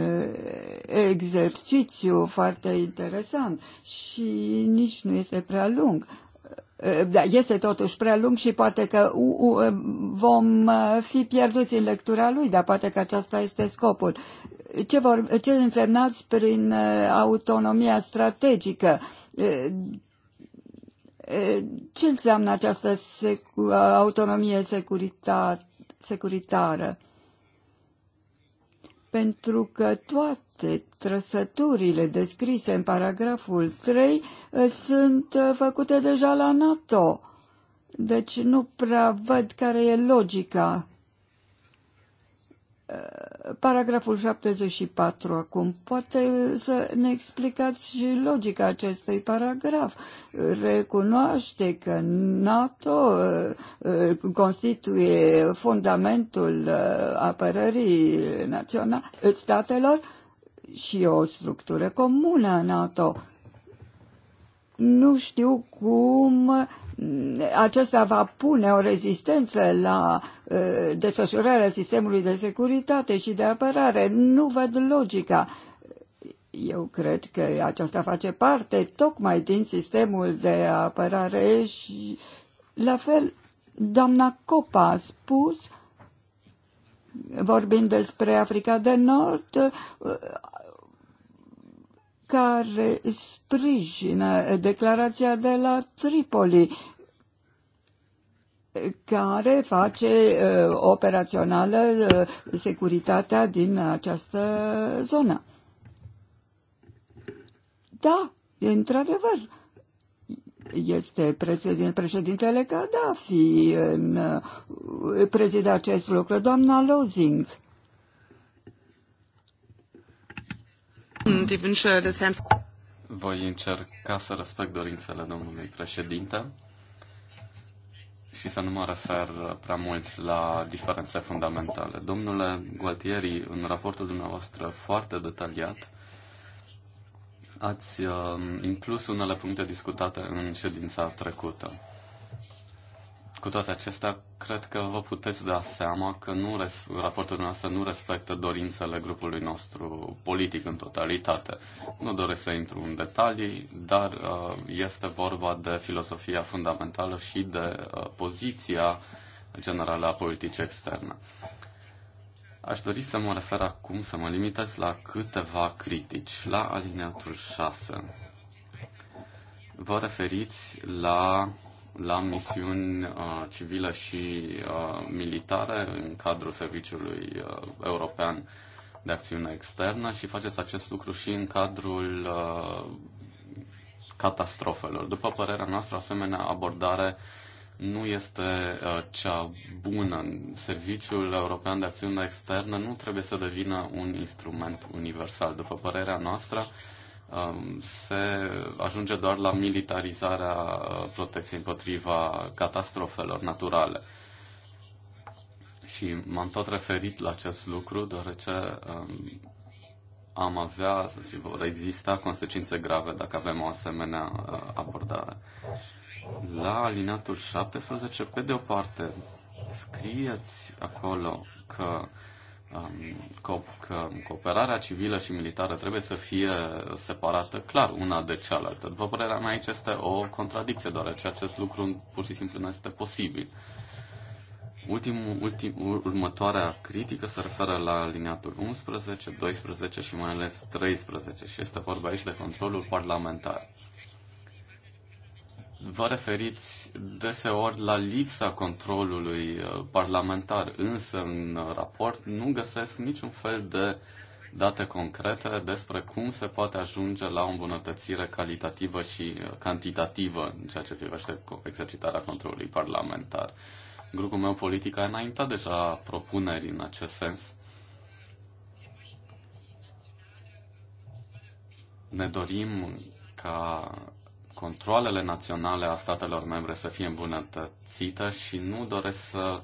exercițiu foarte interesant și nici nu este prea lung. Eh, da, este totuși prea lung și poate că eh, vom eh, fi pierduți în lectura lui, dar poate că aceasta este scopul. Ce, vor, ce însemnați prin autonomia strategică? Ce înseamnă această secu autonomie securita securitară? Pentru că toate toate trăsăturile descrise în paragraful 3 eh, sunt eh, făcute deja la NATO. Deci nu prea văd care e logica. Eh, paragraful 74 acum. Poate să ne explicați și logica acestui paragraf. Recunoaște că NATO constituie fundamentul apărării naționale statelor și o structură comună în NATO. Nu știu cum mm, acesta va pune o rezistență la uh, desfășurarea sistemului de securitate și de apărare. Nu văd logica. Eu cred că aceasta face parte tocmai din sistemul de apărare și la fel doamna Copa a spus vorbind despre Africa de Nord, uh, care sprijină declarația de la Tripoli care face uh, operațională uh, securitatea din această zonă. Da, într-adevăr, este președintele Gaddafi în, uh, prezide acest lucru, doamna Lozing. Uh, Voi încerca să respect dorințele domnului președinte și să nu mă refer prea mult la diferențe fundamentale. Domnule Gualtieri, în raportul dumneavoastră foarte detaliat, ați uh, inclus unele puncte discutate în ședința trecută. Cu toate acestea, cred că vă puteți da seama că nu, raportul nostru nu respectă dorințele grupului nostru politic în totalitate. Nu doresc să intru în detalii, dar uh, este vorba de filosofia fundamentală și de uh, poziția generală a politicii externe. Aș dori să mă refer acum, să mă limitez la câteva critici, la alineatul 6. Vă referiți la la misiuni uh, civile și uh, militare în cadrul Serviciului uh, European de Acțiune Externă și faceți acest lucru și în cadrul uh, catastrofelor. După părerea noastră, asemenea abordare nu este uh, cea bună. Serviciul European de Acțiune Externă nu trebuie să devină un instrument universal. După părerea noastră, uh, Um, se ajunge doar la militarizarea uh, protecției împotriva catastrofelor naturale. Și m-am tot referit la acest lucru, deoarece um, am avea și vor exista consecințe grave dacă avem o asemenea uh, abordare. La alinatul 17, pe de o parte, scrieți acolo că că cooperarea civilă și militară trebuie să fie separată clar una de cealaltă. După părerea mea, aici este o contradicție, deoarece acest lucru pur și simplu nu este posibil. Ultim, ultim, următoarea critică se referă la liniatul 11, 12 și mai ales 13 și este vorba aici de controlul parlamentar. Vă referiți deseori la lipsa controlului uh, parlamentar, însă în uh, raport nu găsesc niciun fel de date concrete despre cum se poate ajunge la o îmbunătățire calitativă și uh, cantitativă în ceea ce privește exercitarea controlului parlamentar. Grupul meu politic a înaintat deja propuneri în acest sens. Ne dorim ca controlele naționale a statelor membre să fie îmbunătățite și nu doresc să,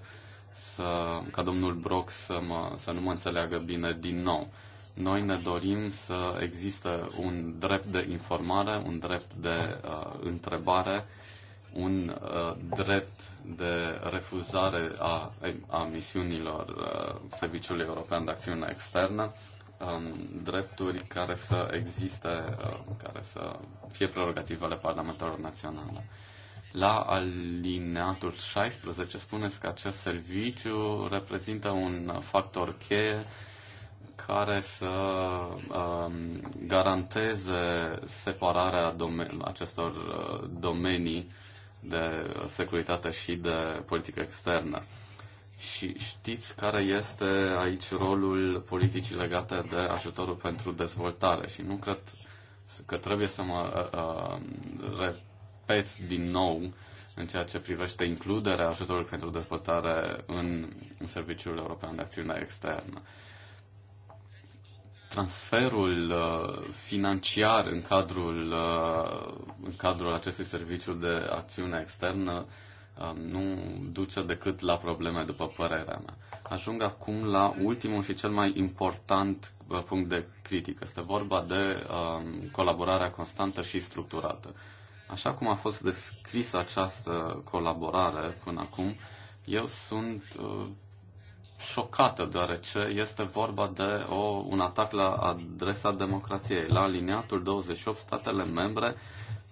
să ca domnul Brock să, mă, să nu mă înțeleagă bine din nou. Noi ne dorim să existe un drept de informare, un drept de uh, întrebare, un uh, drept de refuzare a, a misiunilor uh, Serviciului European de Acțiune Externă um, drepturi care să existe, uh, care să fie prerogativele parlamentelor naționale. La alineatul 16 spuneți că acest serviciu reprezintă un factor cheie care să um, garanteze separarea domen- acestor uh, domenii de securitate și de politică externă. Uh, și știți care este aici rolul politicii legate de ajutorul pentru dezvoltare și nu cred că trebuie să mă uh, uh, repet din nou în ceea ce privește includerea ajutorului pentru dezvoltare în Serviciul European de Acțiune Externă. Transferul uh, financiar în cadrul, uh, în cadrul acestui serviciu de acțiune externă uh, Um, nu duce decât la probleme, după părerea mea. Ajung acum la ultimul și cel mai important uh, punct de critică. Este vorba de um, colaborarea constantă și structurată. Așa cum a fost descrisă această colaborare până acum, eu sunt uh, șocată, deoarece este vorba de o, un atac la adresa democrației. La alineatul 28, statele membre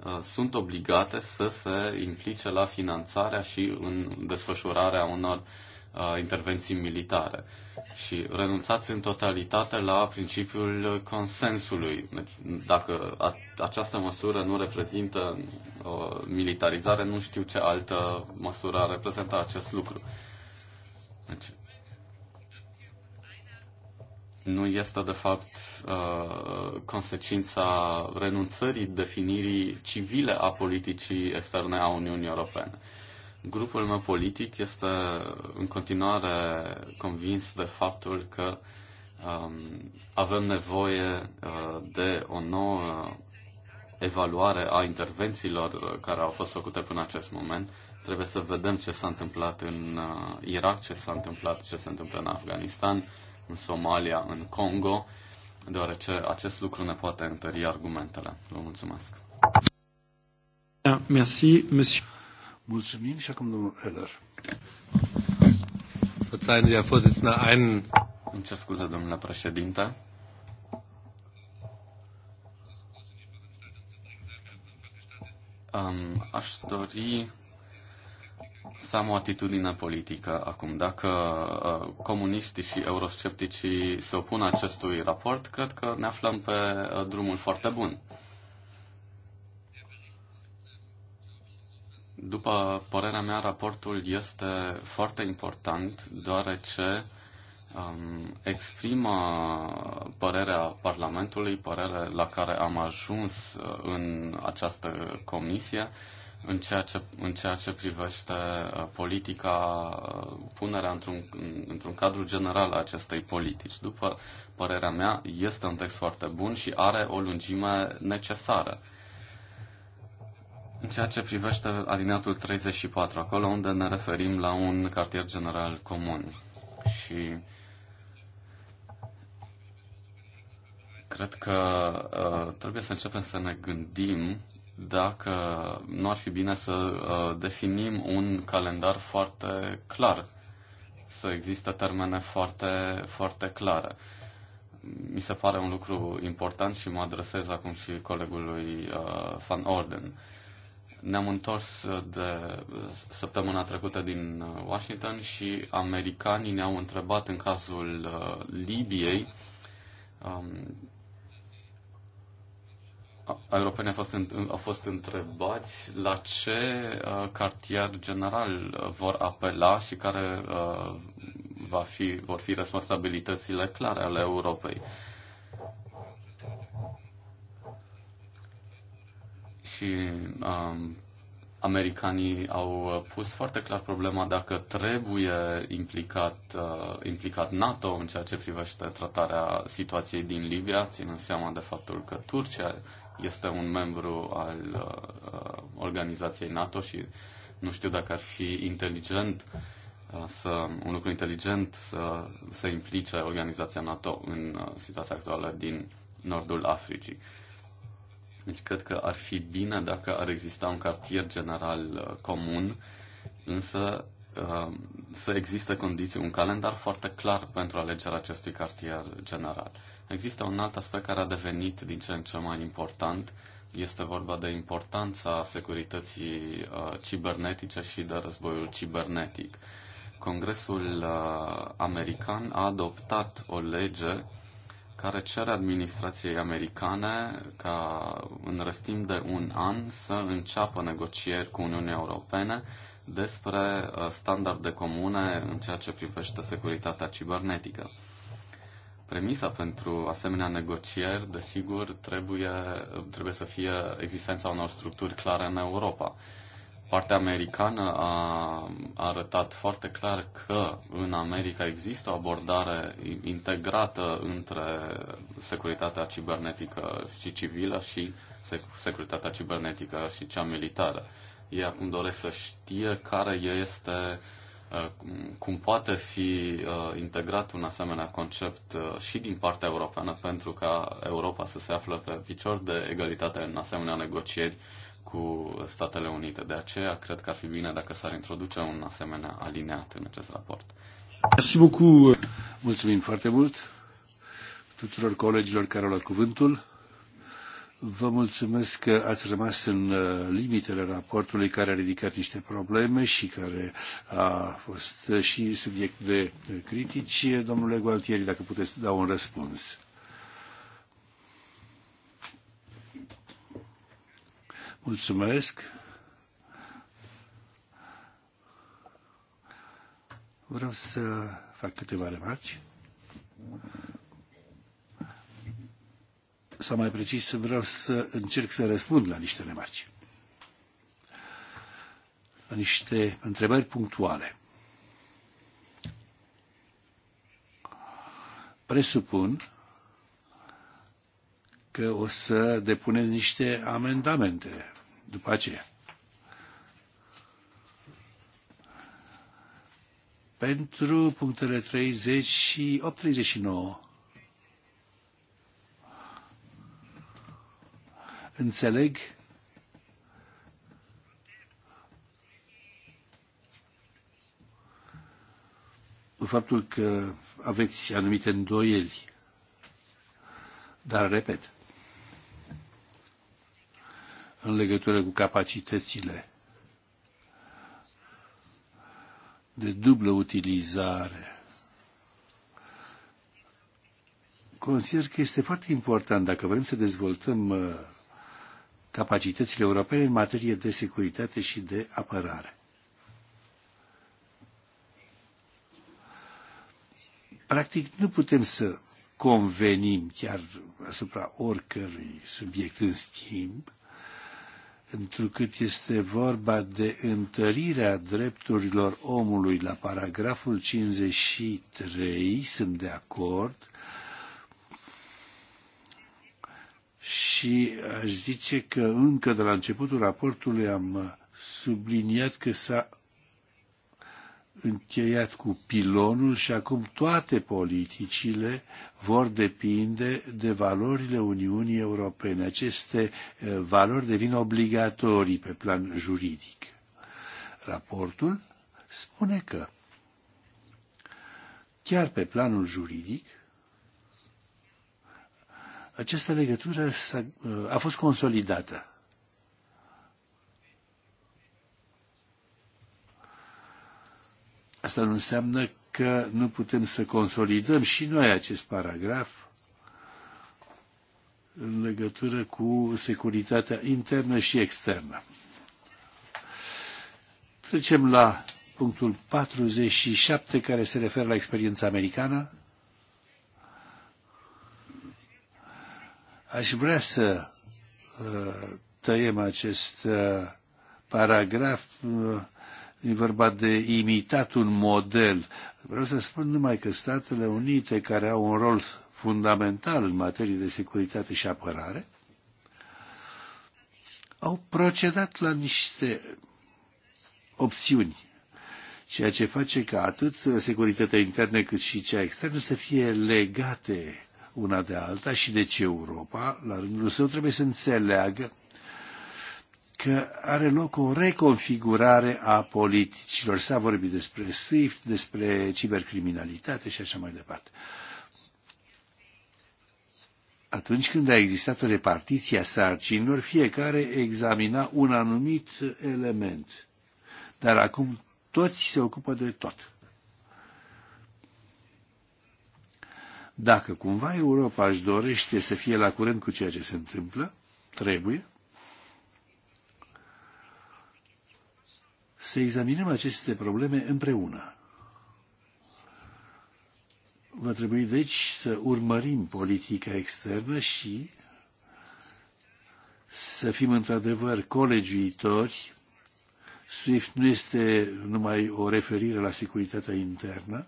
Uh, sunt obligate să se implice la finanțarea și în desfășurarea unor uh, intervenții militare. Și renunțați în totalitate la principiul consensului. Deci, dacă această măsură nu reprezintă o uh, militarizare, nu știu ce altă măsură ar reprezenta acest lucru. Deci, nu este de fapt uh, consecința renunțării definirii civile a politicii externe a Uniunii Europene. Grupul meu politic este în continuare convins de faptul că um, avem nevoie uh, de o nouă evaluare a intervențiilor care au fost făcute până acest moment. Trebuie să vedem ce s-a întâmplat în uh, Irak, ce s-a întâmplat, ce se întâmplă în Afganistan, în Somalia, în Congo, deoarece acest lucru ne poate întări argumentele. Vă mulțumesc. Da, merci, monsieur. Mulțumim și acum domnul Heller. Verzeihen Sie, Herr Vorsitzender, einen... Îmi cer scuze, domnule președinte. Um, aș dori să am o atitudine politică acum. Dacă uh, comuniștii și euroscepticii se opun acestui raport, cred că ne aflăm pe uh, drumul foarte bun. După părerea mea, raportul este foarte important, deoarece um, exprimă părerea Parlamentului, părere la care am ajuns uh, în această comisie, uh, în ceea ce, în ceea ce privește uh, politica, uh, punerea într-un, într-un cadru general a acestei politici. După părerea mea, este un text foarte bun și are o lungime necesară. În ceea ce privește alineatul 34, acolo unde ne referim la un cartier general comun. Și cred că uh, trebuie să începem să ne gândim dacă nu ar fi bine să uh, definim un calendar foarte clar, să există termene foarte, foarte clare. Mi se pare un lucru important și mă adresez acum și colegului uh, Van Orden. Ne-am întors de săptămâna trecută din uh, Washington și americanii ne-au întrebat în cazul Libiei um, europeni au fost, au fost întrebați la ce uh, cartier general uh, vor apela și care uh, va fi, vor fi responsabilitățile clare ale Europei. Și um, americanii au pus foarte clar problema dacă trebuie implicat, uh, implicat NATO în ceea ce privește tratarea situației din Libia, ținând seama de faptul că Turcia este un membru al uh, organizației NATO și nu știu dacă ar fi inteligent uh, să, un lucru inteligent să, să implice organizația NATO în uh, situația actuală din nordul Africii. Deci cred că ar fi bine dacă ar exista un cartier general uh, comun, însă Uh, să existe condiții, un calendar foarte clar pentru alegerea acestui cartier general. Există un alt aspect care a devenit din ce în ce mai important, este vorba de importanța securității uh, cibernetice și de războiul cibernetic. Congresul uh, american a adoptat o lege care cere administrației americane ca în răstim de un an să înceapă negocieri cu Uniunea Europeană despre uh, standarde comune în ceea ce privește securitatea cibernetică. Premisa pentru asemenea negocieri, desigur, trebuie, trebuie să fie existența unor structuri clare în Europa. Partea americană a, a arătat foarte clar că în America există o abordare integrată între securitatea cibernetică și civilă și securitatea cibernetică și cea militară. Ei acum doresc să știe care este, uh, cum poate fi uh, integrat un asemenea concept uh, și din partea europeană pentru ca Europa să se află pe picior de egalitate în asemenea negocieri cu Statele Unite. De aceea, cred că ar fi bine dacă s-ar introduce un asemenea alineat în acest raport. Mersi beaucoup. Mulțumim foarte mult tuturor colegilor care au luat cuvântul. Vă mulțumesc că ați rămas în uh, limitele raportului care a ridicat niște probleme și care a fost uh, și subiect de critici. Domnule Gualtieri, dacă puteți da un răspuns. Mulțumesc. Vreau să fac câteva remarci. sau mai precis vreau să încerc să răspund la niște remarci, la niște întrebări punctuale. Presupun că o să depuneți niște amendamente după aceea. Pentru punctele 30 și 839 înțeleg faptul că aveți anumite îndoieli, dar repet, în legătură cu capacitățile de dublă utilizare. Consider că este foarte important, dacă vrem să dezvoltăm uh, capacitățile europene în materie de securitate și de apărare. Practic, nu putem să convenim chiar asupra oricărui subiect în schimb, întrucât este vorba de întărirea drepturilor omului la paragraful 53, sunt de acord, și aș zice că încă de la începutul raportului am uh, subliniat că s-a încheiat cu pilonul și acum toate politicile vor depinde de valorile Uniunii Europene. Aceste uh, valori devin obligatorii pe plan juridic. Raportul spune că chiar pe planul juridic această legătură a uh, a fost consolidată. Asta nu înseamnă că nu putem să consolidăm și noi acest paragraf în legătură cu securitatea internă și externă. Trecem la punctul 47 care se referă la experiența americană. Aș vrea să uh, tăiem acest uh, paragraf. Uh, e vorba de imitat un model. Vreau să spun numai că Statele Unite, care au un rol fundamental în materie de securitate și apărare, au procedat la niște opțiuni, ceea ce face ca atât securitatea internă cât și cea externă să fie legate una de alta și ce Europa, la rândul său, trebuie să înțeleagă că are loc o reconfigurare a politicilor. S-a vorbit despre SWIFT, despre cibercriminalitate și așa mai departe. Atunci când a existat o repartiție a sarcinilor, fiecare examina un anumit element. Dar acum toți se ocupă de tot. Dacă cumva Europa își dorește să fie la curent cu ceea ce se întâmplă, trebuie să examinăm aceste probleme împreună. Va trebui, deci, să urmărim politica externă și să fim într-adevăr colegiuitori. SWIFT nu este numai o referire la securitatea internă,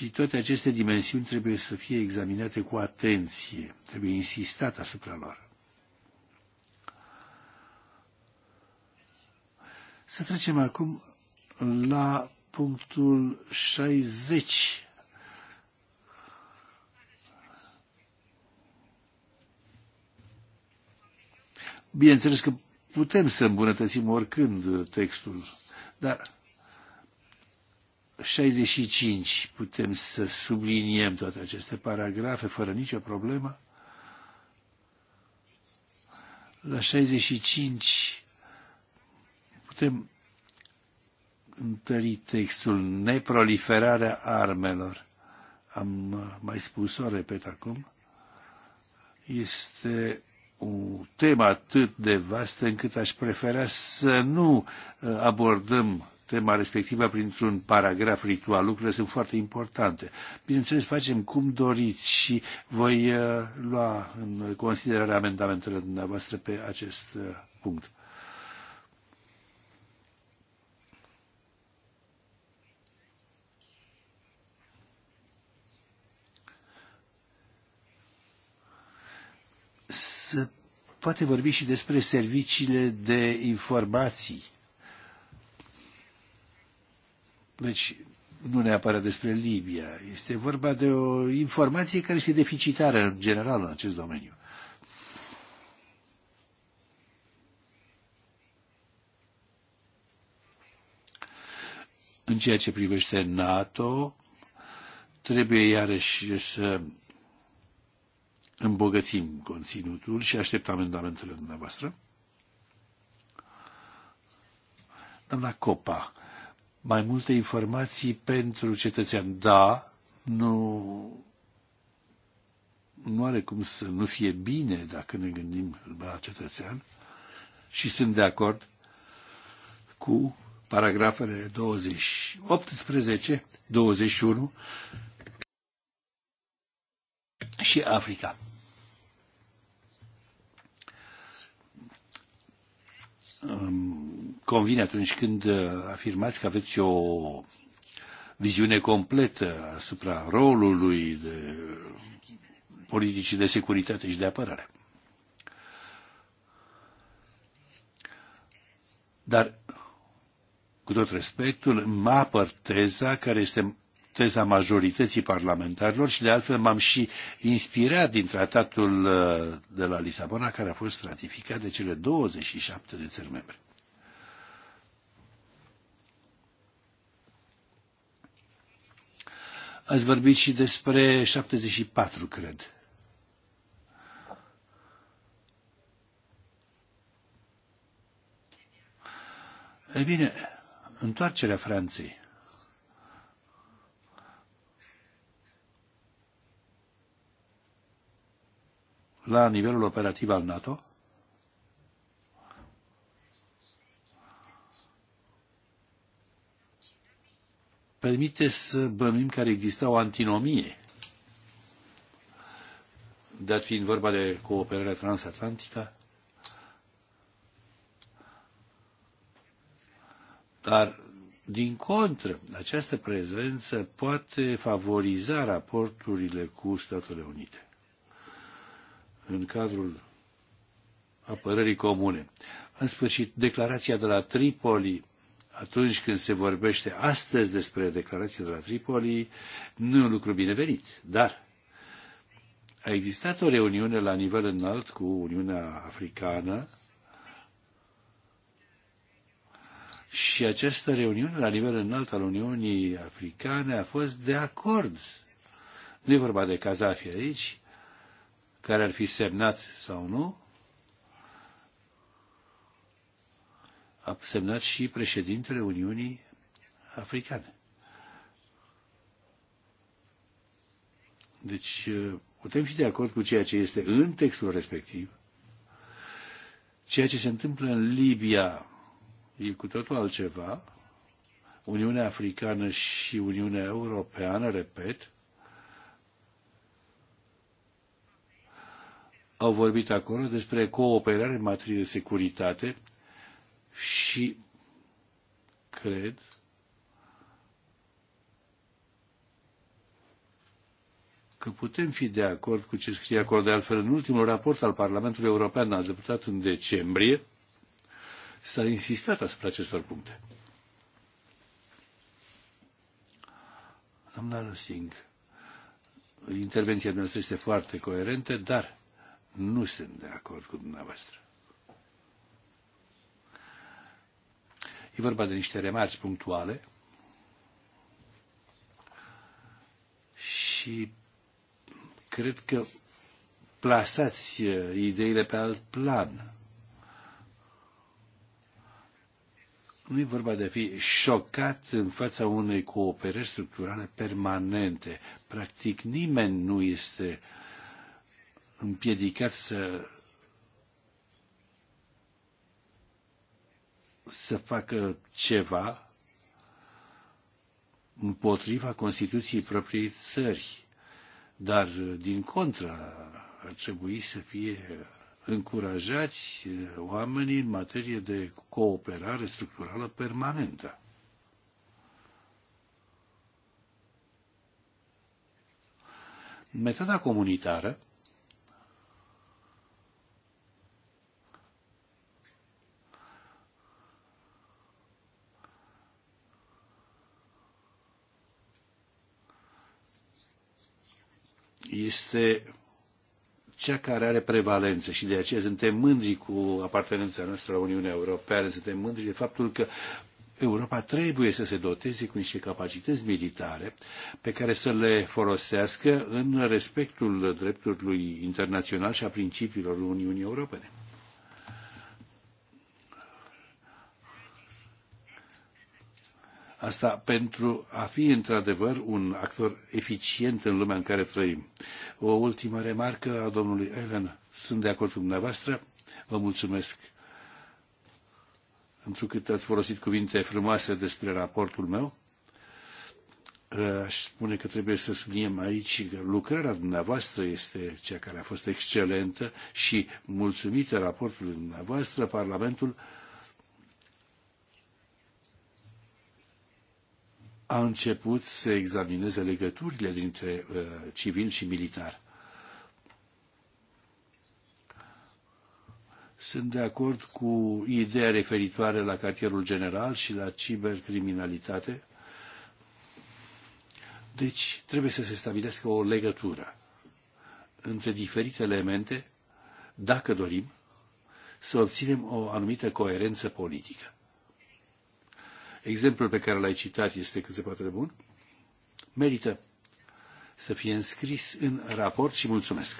și toate aceste dimensiuni trebuie să fie examinate cu atenție, trebuie insistat asupra lor. Să trecem acum la punctul 60. Bineînțeles că putem să îmbunătățim oricând textul, dar 65 putem să subliniem toate aceste paragrafe fără nicio problemă. La 65 putem întări textul neproliferarea armelor. Am mai spus-o, repet acum. Este o temă atât de vastă încât aș prefera să nu uh, abordăm tema respectivă printr-un paragraf ritual. Lucrurile sunt foarte importante. Bineînțeles, facem cum doriți și voi uh, lua în considerare amendamentele dumneavoastră pe acest uh, punct. Să poate vorbi și despre serviciile de informații deci, nu neapărat despre Libia. Este vorba de o informație care este deficitară în general în acest domeniu. În ceea ce privește NATO, trebuie iarăși să îmbogățim conținutul și aștept amendamentele dumneavoastră. Doamna Copa, mai multe informații pentru cetățean. Da, nu, nu are cum să nu fie bine dacă ne gândim la cetățean și sunt de acord cu paragrafele 18, 21 și Africa. Um, convine atunci când uh, afirmați că aveți o viziune completă asupra rolului de politicii de securitate și de apărare. Dar, cu tot respectul, mă apăr teza care este teza majorității parlamentarilor și de altfel m-am și inspirat din tratatul uh, de la Lisabona care a fost ratificat de cele 27 de țări membre. Ați vorbit și despre 74, cred. Ei bine, întoarcerea Franței. La nivelul operativ al NATO, permite să bănuim că ar exista o antinomie. dat fiind vorba de cooperarea transatlantică, dar din contră, această prezență poate favoriza raporturile cu Statele Unite în cadrul apărării comune. În sfârșit, declarația de la Tripoli atunci când se vorbește astăzi despre declarația de la Tripoli, nu e un lucru binevenit, dar a existat o reuniune la nivel înalt cu Uniunea Africană și această reuniune la nivel înalt al Uniunii Africane a fost de acord. Nu e vorba de Kazafi aici, care ar fi semnat sau nu, a semnat și președintele Uniunii Africane. Deci putem fi de acord cu ceea ce este în textul respectiv. Ceea ce se întâmplă în Libia e cu totul altceva. Uniunea Africană și Uniunea Europeană, repet, au vorbit acolo despre cooperare în materie de securitate și cred că putem fi de acord cu ce scrie acolo. De altfel, în ultimul raport al Parlamentului European adoptat în decembrie, s-a insistat asupra acestor puncte. Doamna Lusing, intervenția noastră este foarte coerentă, dar nu sunt de acord cu dumneavoastră. E vorba de niște remarci punctuale și cred că plasați uh, ideile pe alt plan. Nu e vorba de a fi șocat în fața unei cooperări structurale permanente. Practic nimeni nu este împiedicat să să facă ceva împotriva Constituției propriei țări, dar din contra ar trebui să fie încurajați oamenii în materie de cooperare structurală permanentă. Metoda comunitară este cea care are prevalență și de aceea suntem mândri cu apartenența noastră la Uniunea Europeană, suntem mândri de faptul că Europa trebuie să se doteze cu niște capacități militare pe care să le folosească în respectul drepturilor internațional și a principiilor Uniunii Europene. Asta pentru a fi într-adevăr un actor eficient în lumea în care trăim. O ultimă remarcă a domnului Ellen. Sunt de acord cu dumneavoastră. Vă mulțumesc pentru că ați folosit cuvinte frumoase despre raportul meu. Aș spune că trebuie să subliniem aici că lucrarea dumneavoastră este cea care a fost excelentă și mulțumită raportului dumneavoastră, Parlamentul a început să examineze legăturile dintre uh, civil și militar. Sunt de acord cu ideea referitoare la cartierul general și la cibercriminalitate. Deci trebuie să se stabilească o legătură între diferite elemente, dacă dorim, să obținem o anumită coerență politică. Exemplul pe care l-ai citat este cât se poate de bun. Merită să fie înscris în raport și mulțumesc.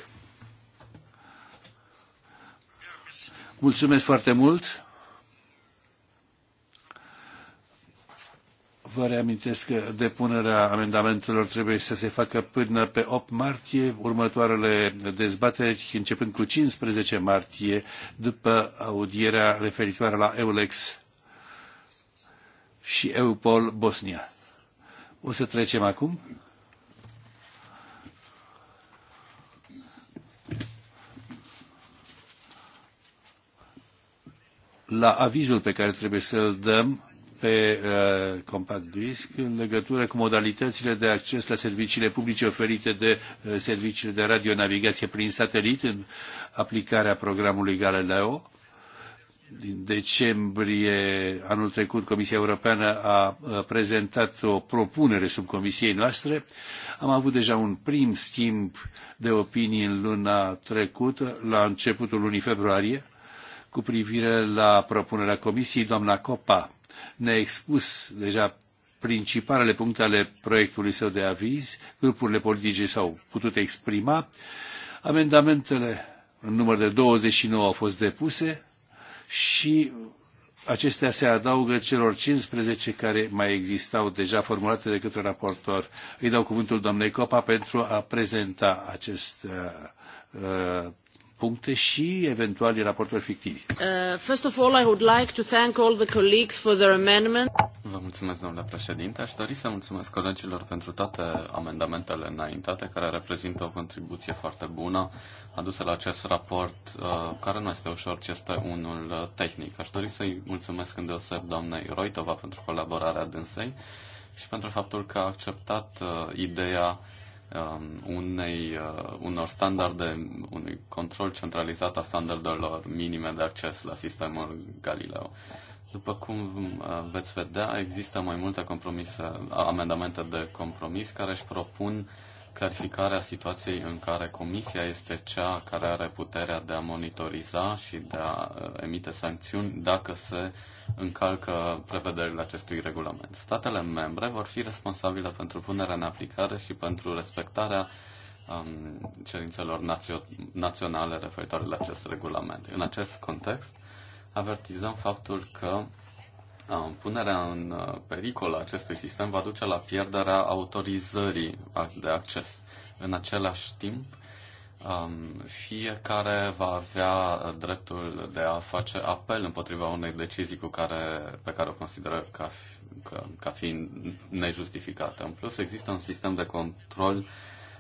Mulțumesc foarte mult. Vă reamintesc că depunerea amendamentelor trebuie să se facă până pe 8 martie, următoarele dezbateri începând cu 15 martie, după audierea referitoare la EULEX și EUPOL Bosnia. O să trecem acum la avizul pe care trebuie să-l dăm pe uh, compact disc în legătură cu modalitățile de acces la serviciile publice oferite de uh, serviciile de radionavigație prin satelit în aplicarea programului Galileo din decembrie anul trecut Comisia Europeană a prezentat o propunere sub comisiei noastre. Am avut deja un prim schimb de opinii în luna trecută, la începutul lunii februarie, cu privire la propunerea comisiei. Doamna Copa ne-a expus deja principalele puncte ale proiectului său de aviz. Grupurile politice s-au putut exprima. Amendamentele în număr de 29 au fost depuse și acestea se adaugă celor 15 care mai existau deja formulate de către raportor. Îi dau cuvântul doamnei Copa pentru a prezenta acest uh, uh puncte și eventuali raportori fictive. Uh, first of all, I would like to thank all the colleagues for their amendment. Vă mulțumesc, domnule președinte. Aș dori să mulțumesc colegilor pentru toate amendamentele înaintate, care reprezintă o contribuție foarte bună adusă la acest raport, uh, care nu este ușor, ci este unul uh, tehnic. Aș dori să-i mulțumesc îndeoseb doamnei Roitova pentru colaborarea dânsei și pentru faptul că a acceptat uh, ideea Um, unei, uh, unor standarde, unui control centralizat a standardelor minime de acces la sistemul Galileo. După cum uh, veți vedea, există mai multe compromise, amendamente de compromis care își propun clarificarea situației în care Comisia este cea care are puterea de a monitoriza și de a uh, emite sancțiuni dacă se uh, încalcă prevederile acestui regulament. Statele membre vor fi responsabile pentru punerea în aplicare și pentru respectarea um, cerințelor națio- naționale referitoare la acest regulament. În acest context, avertizăm faptul că um, punerea în uh, pericol a acestui sistem va duce la pierderea autorizării de acces. În același timp, Um, fiecare va avea dreptul de a face apel împotriva unei decizii cu care, pe care o consideră ca, ca, ca fiind nejustificată. În plus, există un sistem de control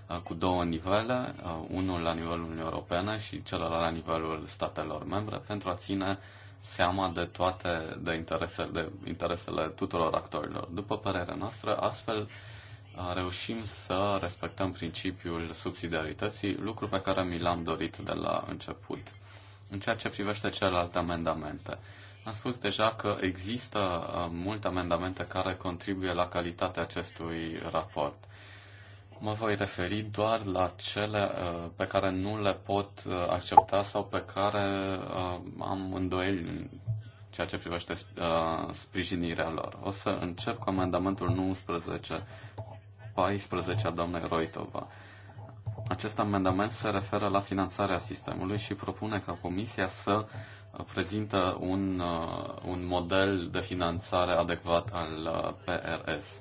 uh, cu două nivele, uh, unul la nivelul Uniunii Europene și celălalt la nivelul statelor membre, pentru a ține seama de toate de interesele, de interesele tuturor actorilor. După părerea noastră, astfel, reușim să respectăm principiul subsidiarității, lucru pe care mi l-am dorit de la început. În ceea ce privește celelalte amendamente, am spus deja că există multe amendamente care contribuie la calitatea acestui raport. Mă voi referi doar la cele pe care nu le pot accepta sau pe care am îndoieli în ceea ce privește sprijinirea lor. O să încep cu amendamentul 19 14 a doamnei Roitova. Acest amendament se referă la finanțarea sistemului și propune ca Comisia să prezintă un, uh, un model de finanțare adecvat al uh, PRS.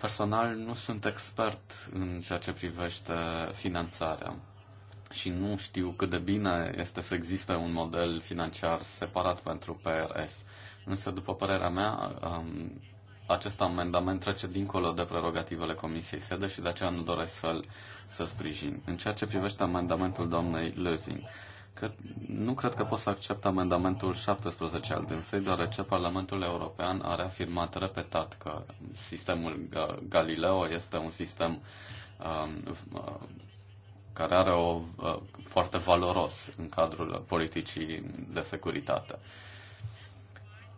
Personal nu sunt expert în ceea ce privește finanțarea și nu știu cât de bine este să existe un model financiar separat pentru PRS. Însă, după părerea mea, acest amendament trece dincolo de prerogativele Comisiei SEDE și de aceea nu doresc să-l să sprijin. În ceea ce privește amendamentul doamnei Lözing, cred, nu cred că pot să accept amendamentul 17 al dânsei, deoarece Parlamentul European are afirmat repetat că sistemul uh, Galileo este un sistem um, uh, care are o uh, foarte valoros în cadrul politicii de securitate.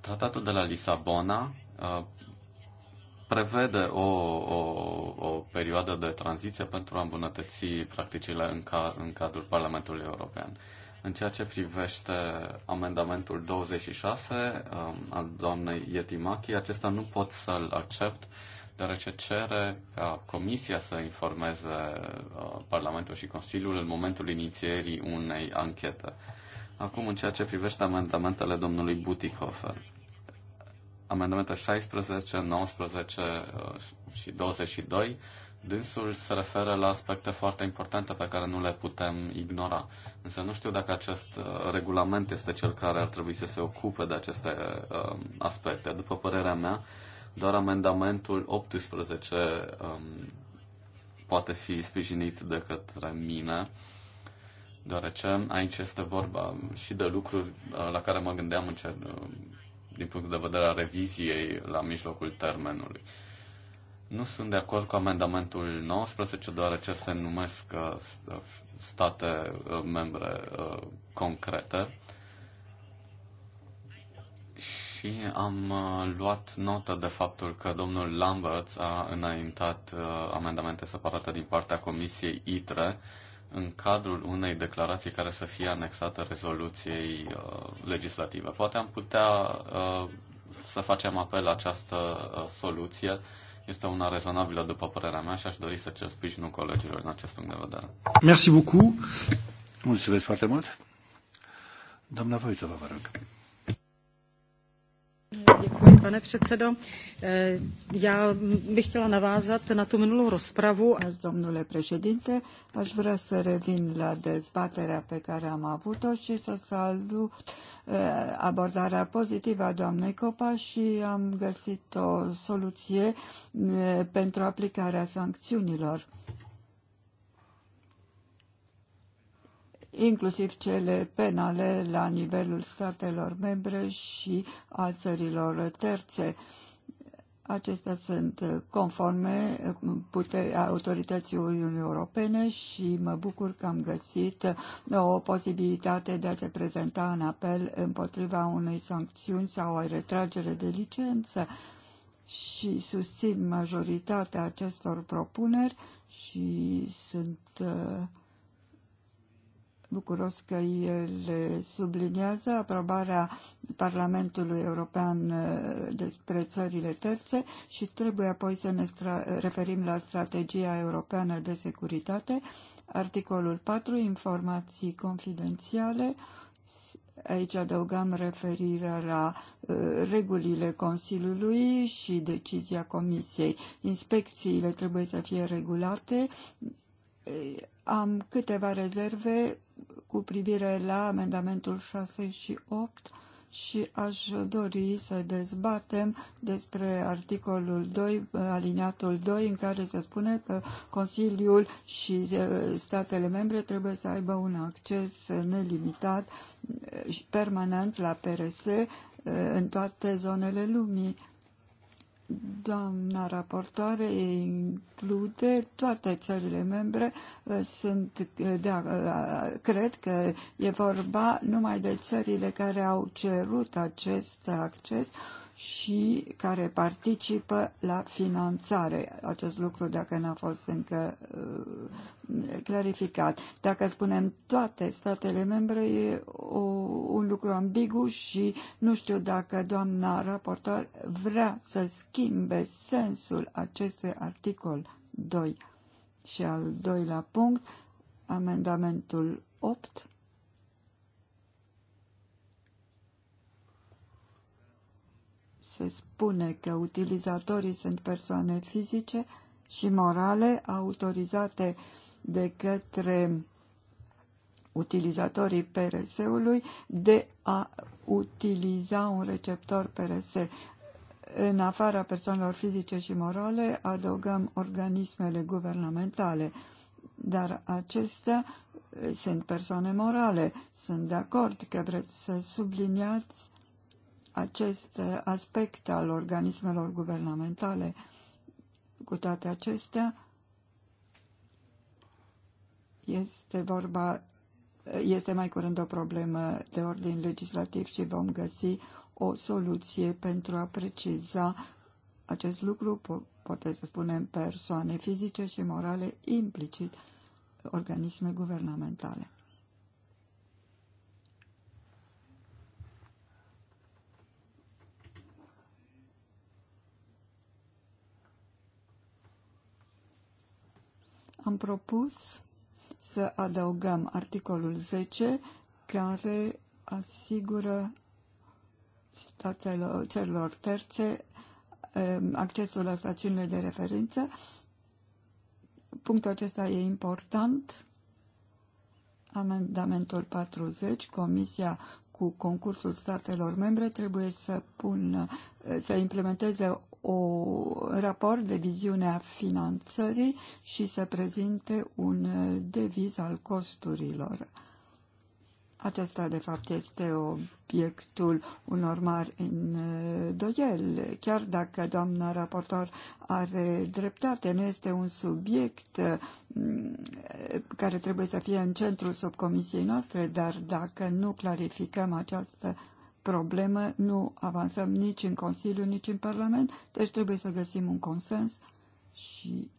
Tratatul de la Lisabona uh, prevede o, o, o perioadă de tranziție pentru a îmbunătăți practicile în, ca, în cadrul Parlamentului European. În ceea ce privește amendamentul 26 um, al doamnei Yetimaki, acesta nu pot să-l accept, deoarece cere ca Comisia să informeze uh, Parlamentul și Consiliul în momentul inițierii unei anchete. Acum, în ceea ce privește amendamentele domnului Butikofer amendamente 16, 19 și 22, dânsul se referă la aspecte foarte importante pe care nu le putem ignora. Însă nu știu dacă acest uh, regulament este cel care ar trebui să se ocupe de aceste uh, aspecte. După părerea mea, doar amendamentul 18 um, poate fi sprijinit de către mine deoarece aici este vorba și de lucruri uh, la care mă gândeam în ce din punct de vedere a reviziei la mijlocul termenului. Nu sunt de acord cu amendamentul 19, deoarece se numesc uh, uh, state uh, membre concrete. Și am luat notă de faptul că domnul Lambert a înaintat amendamente separate din partea Comisiei ITRE, în cadrul unei declarații care să fie anexată rezoluției uh, legislative. Poate am putea uh, să facem apel la această uh, soluție. Este una rezonabilă, după părerea mea, și aș dori să cer sprijinul colegilor în acest punct de vedere. Merci beaucoup. Mulțumesc foarte mult. Doamna Voitova, vă rog. Děkuji pane předsedo. Eh, já bych chtěla navázat na tu minulou rozpravu. Domnule președinte, aș vrea să revin la dezbaterea pe care am avut-o și să salut eh, abordarea pozitivă a doamnei Copa și am găsit o soluție eh, pentru aplicarea sancțiunilor. inclusiv cele penale la nivelul statelor membre și a țărilor terțe. Acestea sunt conforme autorității Uniunii Europene și mă bucur că am găsit o posibilitate de a se prezenta în apel împotriva unei sancțiuni sau o retragere de licență și susțin majoritatea acestor propuneri și sunt uh, bucuros că el subliniază aprobarea Parlamentului European uh, despre țările terțe și trebuie apoi să ne referim la strategia europeană de securitate, articolul 4, informații confidențiale, Aici adăugam referirea la uh, regulile Consiliului și decizia Comisiei. Inspecțiile trebuie să fie regulate, am câteva rezerve cu privire la amendamentul 6 și 8 și aș dori să dezbatem despre articolul 2, aliniatul 2, în care se spune că Consiliul și eh, statele membre trebuie să aibă un acces nelimitat eh, și permanent la PRS eh, în toate zonele lumii Doamna raportoare include toate țările membre. Uh, sunt, uh, de, uh, cred că e vorba numai de țările care au cerut acest acces și care participă la finanțare. Acest lucru, dacă n-a fost încă uh, clarificat. Dacă spunem toate statele membre, e o, un lucru ambigu și nu știu dacă doamna raportor vrea să schimbe sensul acestui articol 2. Și al doilea punct, amendamentul 8 se spune că utilizatorii sunt persoane fizice și morale autorizate de către utilizatorii PRS-ului de a utiliza un receptor PRS. În afara persoanelor fizice și morale adăugăm organismele guvernamentale, dar acestea eh, sunt persoane morale. Sunt de acord că vreți să subliniați aceste aspecte al organismelor guvernamentale. Cu toate acestea, este vorba, este mai curând o problemă de ordin legislativ și vom găsi o soluție pentru a preciza acest lucru, poate să spunem persoane fizice și morale, implicit organisme guvernamentale. Am propus să adăugăm articolul 10 care asigură statelor, țărilor terțe um, accesul la stațiunile de referință. Punctul acesta e important. Amendamentul 40, Comisia cu concursul statelor membre trebuie să, pună, să implementeze un raport de viziune a finanțării și să prezinte un deviz al costurilor. Acesta, de fapt, este obiectul unor mari îndoieli. Chiar dacă doamna raportor are dreptate, nu este un subiect mm, care trebuie să fie în centrul subcomisiei noastre, dar dacă nu clarificăm această problemă, nu avansăm nici în Consiliu, nici în Parlament, deci trebuie să găsim un consens și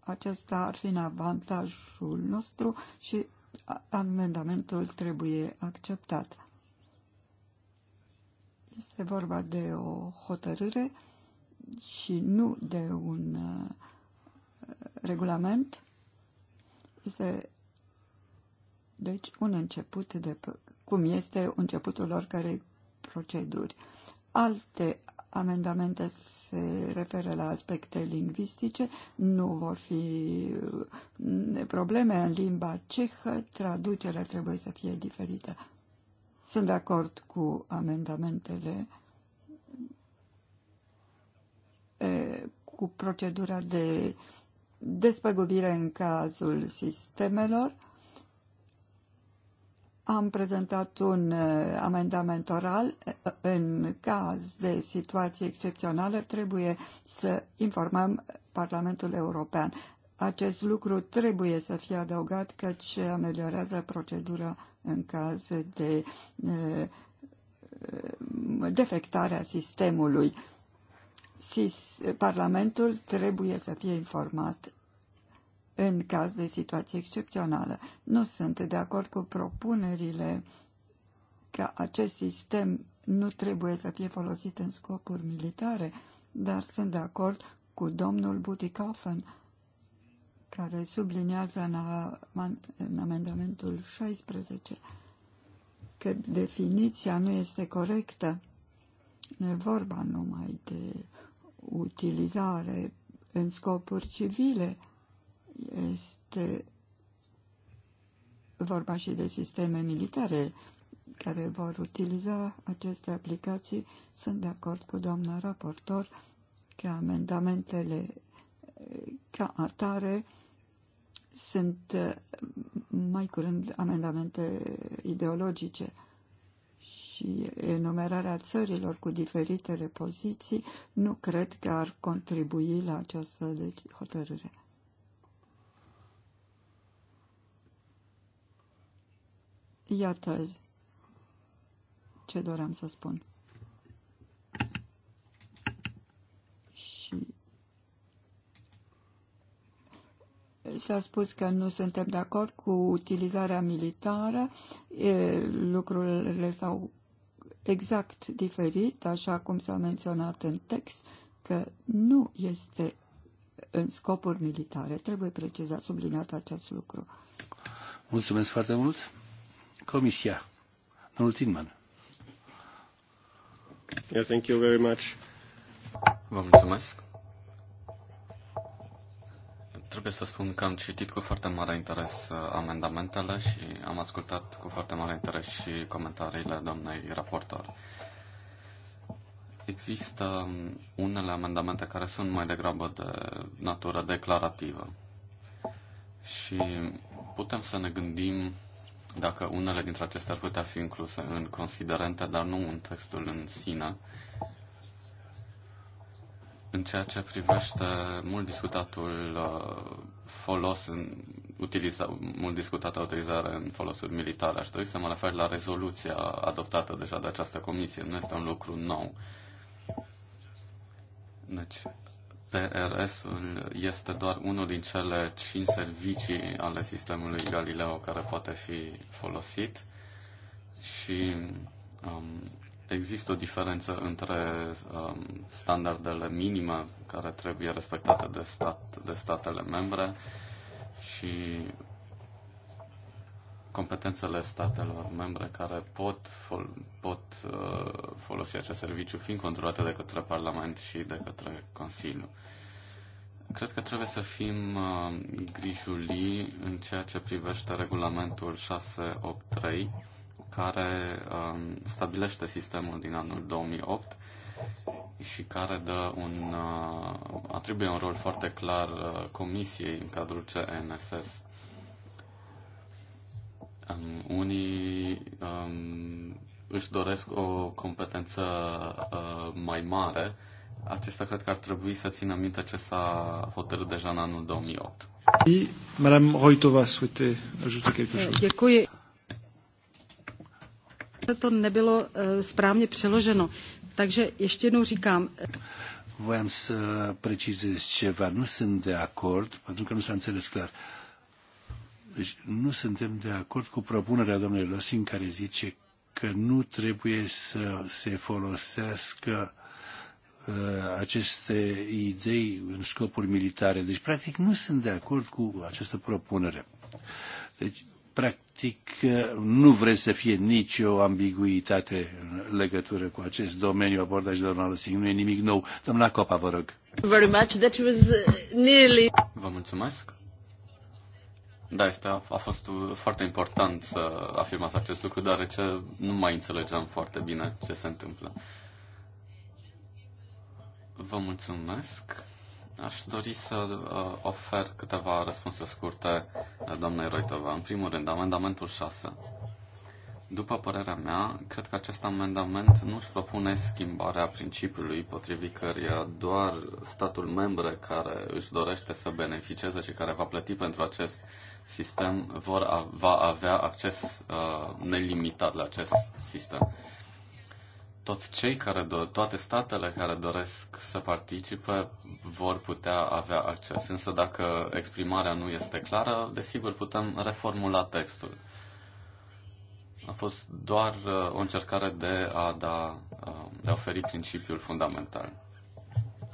acesta ar fi în avantajul nostru și amendamentul trebuie acceptat. Este vorba de o hotărâre și nu de un uh, regulament. Este, deci, un început de cum este începutul oricărei proceduri. Alte amendamente se referă la aspecte lingvistice, nu vor fi mm, probleme în limba cehă, traducerea trebuie să fie diferită. Sunt de acord cu amendamentele cu procedura de despăgubire în cazul sistemelor, am prezentat un uh, amendament oral. Uh, în caz de situație excepțională, trebuie să informăm Parlamentul European. Acest lucru trebuie să fie adăugat căci ameliorează procedura în caz de uh, defectarea sistemului. Parlamentul trebuie să fie informat în caz de situație excepțională. Nu sunt de acord cu propunerile că acest sistem nu trebuie să fie folosit în scopuri militare, dar sunt de acord cu domnul Butikoffen, care subliniază în, în amendamentul 16 că definiția nu este corectă. Nu e vorba numai de utilizare în scopuri civile, este vorba și de sisteme militare care vor utiliza aceste aplicații. Sunt de acord cu doamna raportor că amendamentele ca atare sunt uh, mai curând amendamente ideologice și enumerarea țărilor cu diferitele poziții nu cred că ar contribui la această deci, hotărâre. Iată ce doream să spun. Și s-a spus că nu suntem de acord cu utilizarea militară, e, lucrurile s-au exact diferit, așa cum s-a menționat în text, că nu este în scopuri militare. Trebuie precizat, subliniat acest lucru. Mulțumesc foarte mult! Comisia. Domnul Tinman. Yeah, thank you very much. Vă mulțumesc. Trebuie să spun că am citit cu foarte mare interes uh, amendamentele și am ascultat cu foarte mare interes și comentariile doamnei raportor. Există um, unele amendamente care sunt mai degrabă de natură declarativă și putem să ne gândim dacă unele dintre acestea ar putea fi incluse în considerente, dar nu în textul în sine. În ceea ce privește mult discutatul uh, folos în utiliza, mult discutată utilizare în folosuri militare, aș dori să mă refer la rezoluția adoptată deja de această comisie. Nu este un lucru nou. Deci, PRS-ul este doar unul din cele cinci servicii ale sistemului Galileo care poate fi folosit și um, există o diferență între um, standardele minime care trebuie respectate de, stat, de statele membre și competențele statelor membre care pot, fol, pot uh, folosi acest serviciu fiind controlate de către Parlament și de către Consiliu. Cred că trebuie să fim uh, grijulii în ceea ce privește regulamentul 683, care uh, stabilește sistemul din anul 2008 și care dă un, uh, atribuie un rol foarte clar uh, Comisiei în cadrul CNSS Um, unii um, își doresc o competență uh, mai mare. Aceștia cred că ar trebui să țină minte ce s-a hotărât deja în anul 2008. Madame Rojtova souhaitait ajouter quelque chose. Děkuji. To nebylo správně přeloženo. Takže ještě jednou říkám. Voiam să precizez ceva. Nu sunt de acord, pentru că nu s-a înțeles clar. Uh, deci nu suntem de acord cu propunerea domnului Losin care zice că nu trebuie să se folosească uh, aceste idei în scopuri militare. Deci, practic, nu sunt de acord cu această propunere. Deci, practic, uh, nu vreți să fie nicio ambiguitate în legătură cu acest domeniu abordat de domnul Losin. Nu e nimic nou. Domnul Copa, vă rog. Very much. That was uh, nearly... Vă mulțumesc. Da, este, a, a fost uh, foarte important să afirmați acest lucru, deoarece nu mai înțelegeam foarte bine ce se întâmplă. Vă mulțumesc. Aș dori să uh, ofer câteva răspunsuri scurte uh, doamnei Roitova. În primul rând, amendamentul 6. După părerea mea, cred că acest amendament nu își propune schimbarea principiului potrivit căruia doar statul membre care își dorește să beneficieze și care va plăti pentru acest uh, sistem vor, a, va avea acces uh, nelimitat la acest sistem. Toți cei care do- toate statele care doresc să participe vor putea avea acces. Însă dacă exprimarea nu este clară, desigur putem reformula textul. A fost doar uh, o încercare de a da, uh, de a oferi principiul fundamental.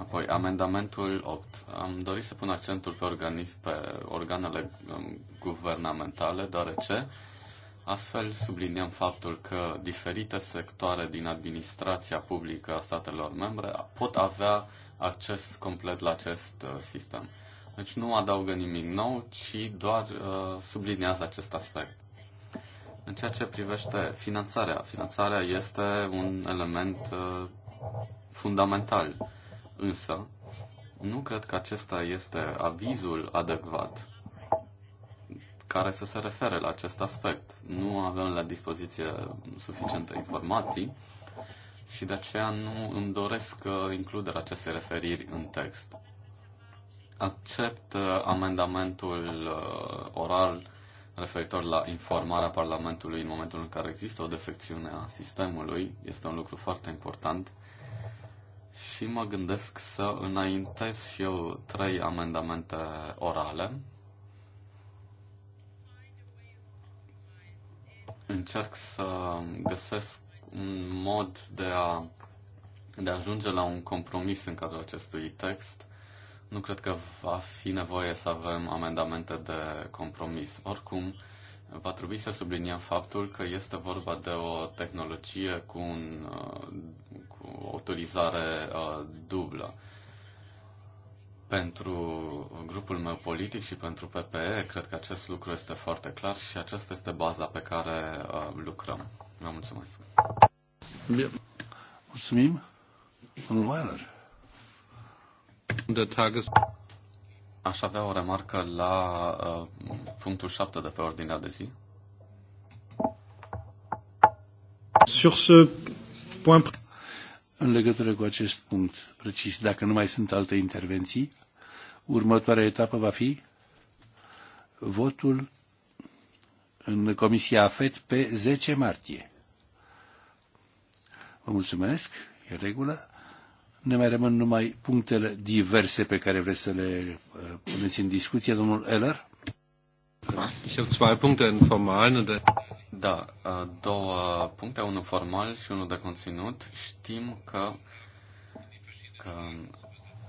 Apoi, amendamentul 8. Am dorit să pun accentul pe, organism, pe organele um, guvernamentale, deoarece astfel subliniem faptul că diferite sectoare din administrația publică a statelor membre pot avea acces complet la acest uh, sistem. Deci nu adaugă nimic nou, ci doar uh, subliniază acest aspect. În ceea ce privește finanțarea, finanțarea este un element uh, fundamental Însă, nu cred că acesta este avizul adecvat care să se refere la acest aspect. Nu avem la dispoziție suficiente informații și de aceea nu îmi doresc uh, includerea acestei referiri în text. Accept uh, amendamentul uh, oral referitor la informarea Parlamentului în momentul în care există o defecțiune a sistemului. Este un lucru foarte important și mă gândesc să înaintez și eu trei amendamente orale. Încerc să găsesc un mod de a, de a ajunge la un compromis în cadrul acestui text. Nu cred că va fi nevoie să avem amendamente de compromis. Oricum, va trebui să subliniem faptul că este vorba de o tehnologie cu, un, uh, cu o utilizare uh, dublă. Pentru grupul meu politic și pentru PPE, cred că acest lucru este foarte clar și aceasta este baza pe care uh, lucrăm. Vă mulțumesc. Mulțumim. Mulțumim. Domnul Weiler. Aș avea o remarcă la uh, punctul 7 de pe ordinea de zi. Sur ce point... În legătură cu acest punct precis, dacă nu mai sunt alte intervenții, următoarea etapă va fi votul în Comisia AFET pe 10 martie. Vă mulțumesc, e regulă. Ne mai rămân numai punctele diverse pe care vreți să le uh, puneți în discuție, domnul Eller. Da, da uh, două puncte, unul formal și unul de conținut. Știm că, că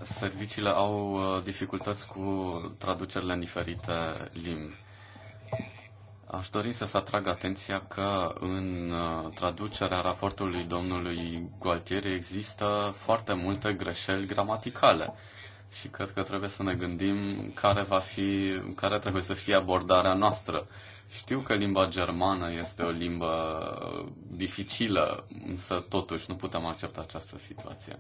serviciile au uh, dificultăți cu traducerile în diferite limbi. Aș dori să-ți atrag atenția că în uh, traducerea raportului domnului Gualtieri există foarte multe greșeli gramaticale și cred că trebuie să ne gândim care, va fi, care trebuie să fie abordarea noastră. Știu că limba germană este o limbă uh, dificilă, însă totuși nu putem accepta această situație.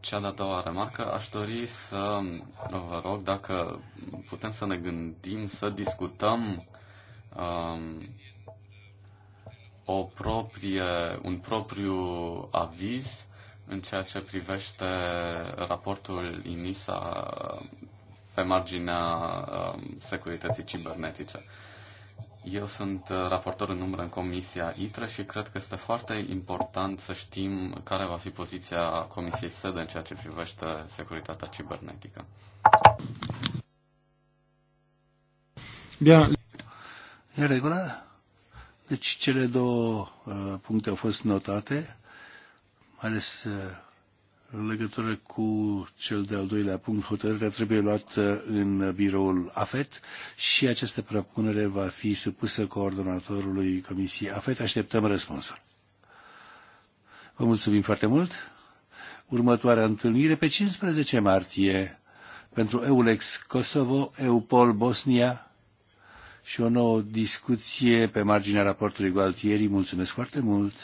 Cea de-a doua remarcă, aș dori să uh, vă rog dacă putem să ne gândim să discutăm um, o proprie, un propriu aviz în ceea ce privește raportul INISA pe marginea um, securității cibernetice. Eu sunt raportor în umbră în Comisia ITRE și cred că este foarte important să știm care va fi poziția Comisiei SED în ceea ce privește securitatea cibernetică. Bien. În regulă? Deci cele două uh, puncte au fost notate, mai ales uh, în legătură cu cel de-al doilea punct, hotărârea trebuie luată uh, în biroul AFET și această propunere va fi supusă coordonatorului Comisiei AFET. Așteptăm răspunsul. Vă mulțumim foarte mult. Următoarea întâlnire pe 15 martie pentru EULEX Kosovo, EUPOL Bosnia, și o nouă discuție pe marginea raportului Gualtieri. Mulțumesc foarte mult!